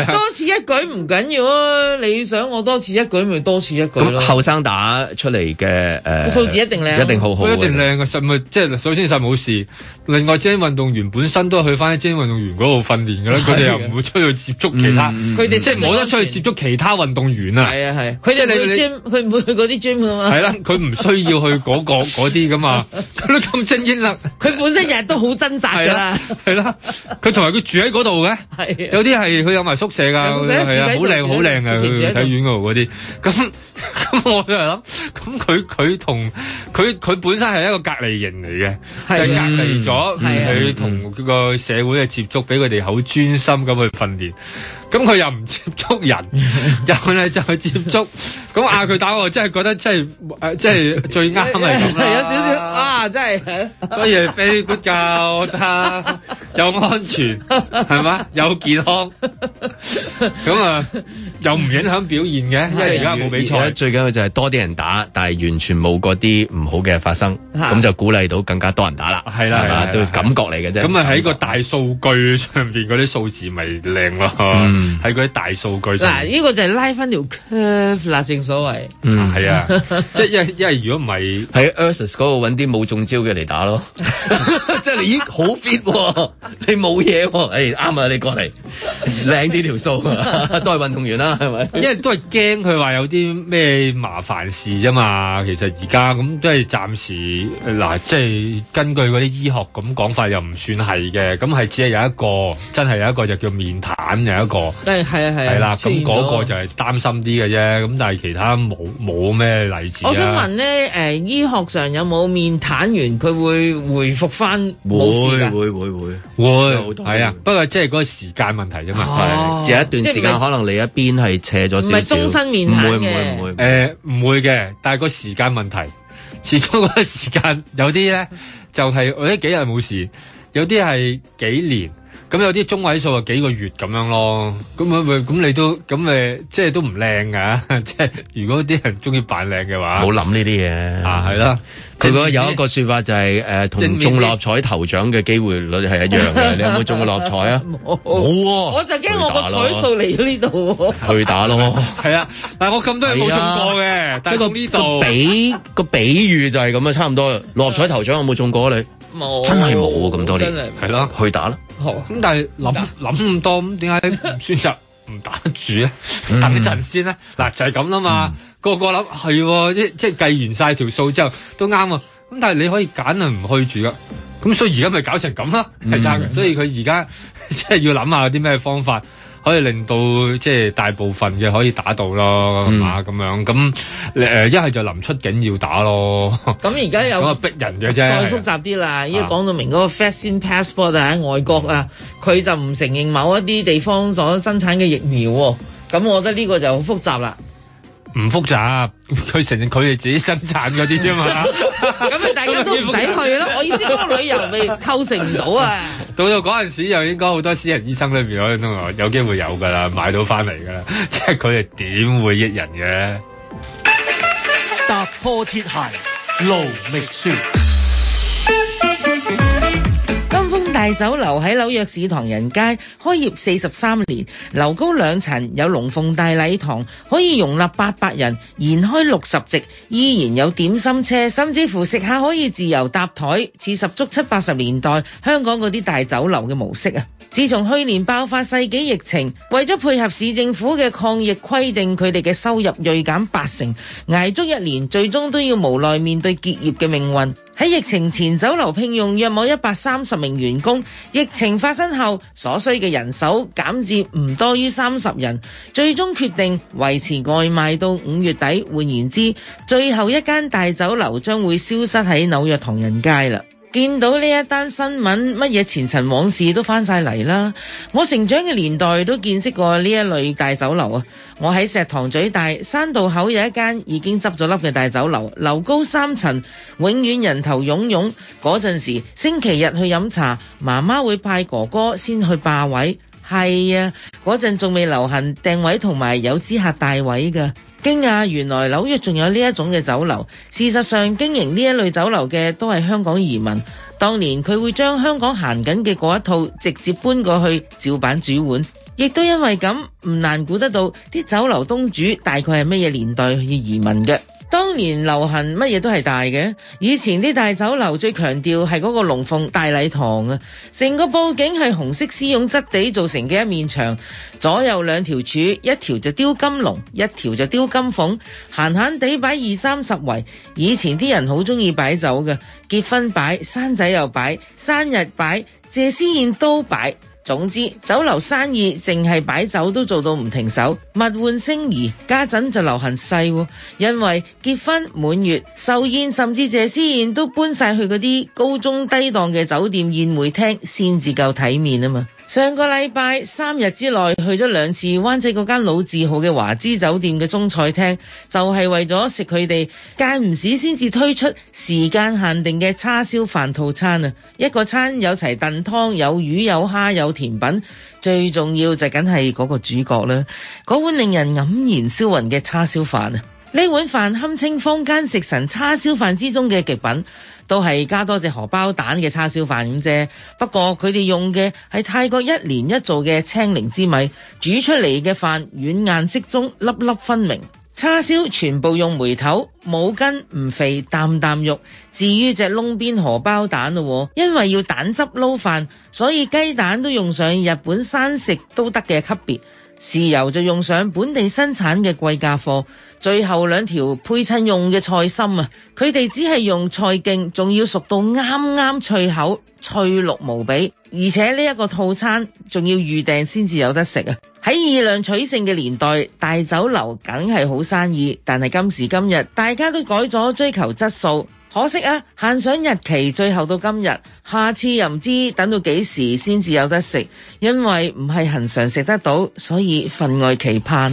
多此一舉唔緊要啊！你想我多此一舉，咪多此一舉咯。後生打出嚟嘅誒數字一定靚，一定好好，一定靚嘅。實唔係即係首先實冇事。另外，精英運動員本身都去翻啲精英運動員嗰度訓練嘅啦。佢哋又唔會出去接觸其他。佢哋即係冇得出去接觸其他運動員啊！係啊係，佢唔會 gym，佢唔會去嗰啲 gym 噶嘛。係啦，佢唔需要去嗰個嗰啲噶嘛。佢都咁精英啦，佢本身日日都好掙扎㗎喇。係啦，佢同埋佢住喺嗰度嘅。係。有啲係佢有埋宿舍噶，好靚好靚噶，體院嗰度嗰啲。咁 咁那 我就諗，咁佢佢同佢佢本身係一個隔離型嚟嘅，即係隔離咗佢同個社會嘅接觸，俾佢哋好專心咁去訓練。咁佢又唔接觸人，有咧就去接觸。咁嗌佢打我，真係覺得真係誒，真係最啱係咁啦。係有少少啊，真係。所以飛盤覺得又安全，係嘛？又健康。咁啊，又唔影響表現嘅。即係而家冇比賽。最緊要就係多啲人打，但係完全冇嗰啲唔好嘅發生。咁就鼓勵到更加多人打啦。係啦，係啊，都感覺嚟嘅啫。咁啊，喺個大數據上邊嗰啲數字咪靚咯。喺嗰啲大數據上，嗱呢、啊這個就係拉翻條 curve 啦，正所謂，嗯係啊，啊，即係因為因為如果唔係喺 Ursus 度揾啲冇中招嘅嚟打咯， 即係你好 fit，、哦、你冇嘢、哦，誒、哎、啱啊，你過嚟靚啲條數，都係運動員啦，係咪？因為都係驚佢話有啲咩麻煩事啫嘛，其實而家咁都係暫時，嗱、呃、即係根據啲醫學咁講法又唔算係嘅，咁係只係有一個真係有一個就叫面癱，有一個。係係啊係啊，係啦，咁嗰個就係擔心啲嘅啫，咁但係其他冇冇咩例子。我想問咧，誒、呃，醫學上有冇面癱完佢會回復翻冇事？會會會會係啊，不過即係嗰個時間問題啫嘛，係有、哦、的一段時間可能你一邊係斜咗少少，唔係終身面癱嘅，誒，唔會嘅、 呃，但係個時間問題，始終個時間有啲咧就係我呢幾日冇事，有啲係幾，幾年。咁有啲中位數啊，幾個月咁樣咯。咁、就是就是、啊，咪咁你都咁誒，即係都唔靚噶。即係如果啲人中意扮靚嘅話，冇諗呢啲嘢啊，係啦。佢覺得有一個説法就係誒同中六合彩頭獎嘅機會率係一樣嘅。你有冇中過六合彩 沒啊？冇 打、 啊，我就驚我個彩數嚟到呢度。去打咯，係啊。但係我咁多人冇中過嘅，即係、這個這個比、這個比喻就係咁啊，差唔多。六合彩頭獎有冇中過、啊、你？真係冇咁多年，係咯，了去打啦。咁但係諗諗咁多，咁點解唔選擇唔打住咧？等陣先啦。嗱，就係咁啦嘛。嗯、個個諗係、哦，即即係計完晒條數之後都啱啊、哦。咁但係你可以揀啊，唔去住噶。咁所以而家咪搞成咁啦，係爭、嗯。嗎所以佢而家即係要諗下啲咩方法。可以令到即係大部分嘅可以打到咯，係咁、嗯、樣咁誒一係就臨出境要打咯。咁而家有咁啊逼人嘅啫。再複雜啲啦，依家、啊、講到明嗰個 fashion passport 啊，喺外國啊，佢就唔承認某一啲地方所生產嘅疫苗喎、啊。咁我覺得呢個就好複雜啦。唔複雜，佢承認佢哋自己生產嗰啲啫嘛。 咁你 大家都唔使去咯， 我意思嗰個旅遊未構成唔到啊！到到嗰陣時又應該好多私人醫生喺入面，有機會有噶啦，買到翻嚟噶啦，即係佢哋點會益人嘅？踏破鐵鞋盧覓雪。大酒樓喺紐約市唐人街開業四十三年，樓高兩層，有龍鳳大禮堂，可以容納八百人，延開六十席，依然有點心車，甚至乎食客可以自由搭枱，似十足七八十年代香港嗰啲大酒樓嘅模式啊！自從去年爆發世紀疫情，為咗配合市政府嘅抗疫規定，佢哋嘅收入鋭減八成，捱足一年，最終都要無奈面對結業嘅命運。喺疫情前，酒樓聘用約莫一百三十名員工，疫情發生後，所需嘅人手減至唔多於三十人，最終決定維持外賣到五月底。換言之，最後一間大酒樓將會消失喺紐約唐人街啦。見到呢一單新聞，乜嘢前塵往事都翻晒嚟啦！我成長嘅年代都見識過呢一類大酒樓啊！我喺石塘咀大山道口有一間已經執咗笠嘅大酒樓，樓高三層，永遠人頭涌涌。嗰陣時星期日去飲茶，媽媽會派哥哥先去霸位。係啊，嗰陣仲未流行訂位同埋有知客帶位嘅。驚訝，驚訝原來紐約仲有呢一種嘅酒樓。事實上，經營呢一類酒樓嘅都係香港移民。當年佢會將香港行緊嘅嗰一套直接搬過去，照版煮碗。亦都因為咁，唔難估得到啲酒樓東主大概係乜嘢年代去移民嘅。當年流行乜嘢都係大嘅，以前啲大酒樓最強調係嗰個龍鳳大禮堂啊，成個布景係紅色絲絨質地做成嘅一面牆，左右兩條柱，一條就雕金龍，一條就雕金鳳，閒閒地擺二三十圍。以前啲人好鍾意擺酒嘅，結婚擺，生仔又擺，生日擺，謝師宴都擺。總之，酒樓生意淨係擺酒都做到唔停手，物換星移，家陣就流行細，因為結婚、滿月、壽宴甚至謝師宴都搬晒去嗰啲高中低檔嘅酒店宴會廳先至夠體面啊嘛。上個禮拜三日之內去咗兩次灣仔嗰間老字號嘅華之酒店嘅中菜廳，就係、是、為咗食佢哋間唔時先至推出時間限定嘅叉燒飯套餐啊！一個餐有齊燉湯、有魚、有蝦、有甜品，最重要就梗係嗰個主角啦！嗰碗令人黯然銷魂嘅叉燒飯啊！呢碗飯堪稱坊間食神叉燒飯之中嘅極品，都係加多隻荷包蛋嘅叉燒飯咁啫。不過佢哋用嘅係泰國一年一做嘅青稈之米，煮出嚟嘅飯軟硬適中，粒粒分明。叉燒全部用梅頭，冇筋唔肥，啖啖肉。至於隻窿邊荷包蛋咯，因為要蛋汁撈飯，所以雞蛋都用上日本生食都得嘅級別。豉油就用上本地生產嘅貴價貨，最後兩條配襯用嘅菜心啊，佢哋只係用菜莖，仲要熟到啱啱脆口、翠綠無比，而且呢一個套餐仲要預訂先至有得食啊！喺以量取勝嘅年代，大酒樓梗係好生意，但係今時今日大家都改咗追求質素。可惜啊，限上日期最後到今日，下次又唔知等到幾時先至有得食，因為唔係恆常食得到，所以分外期盼。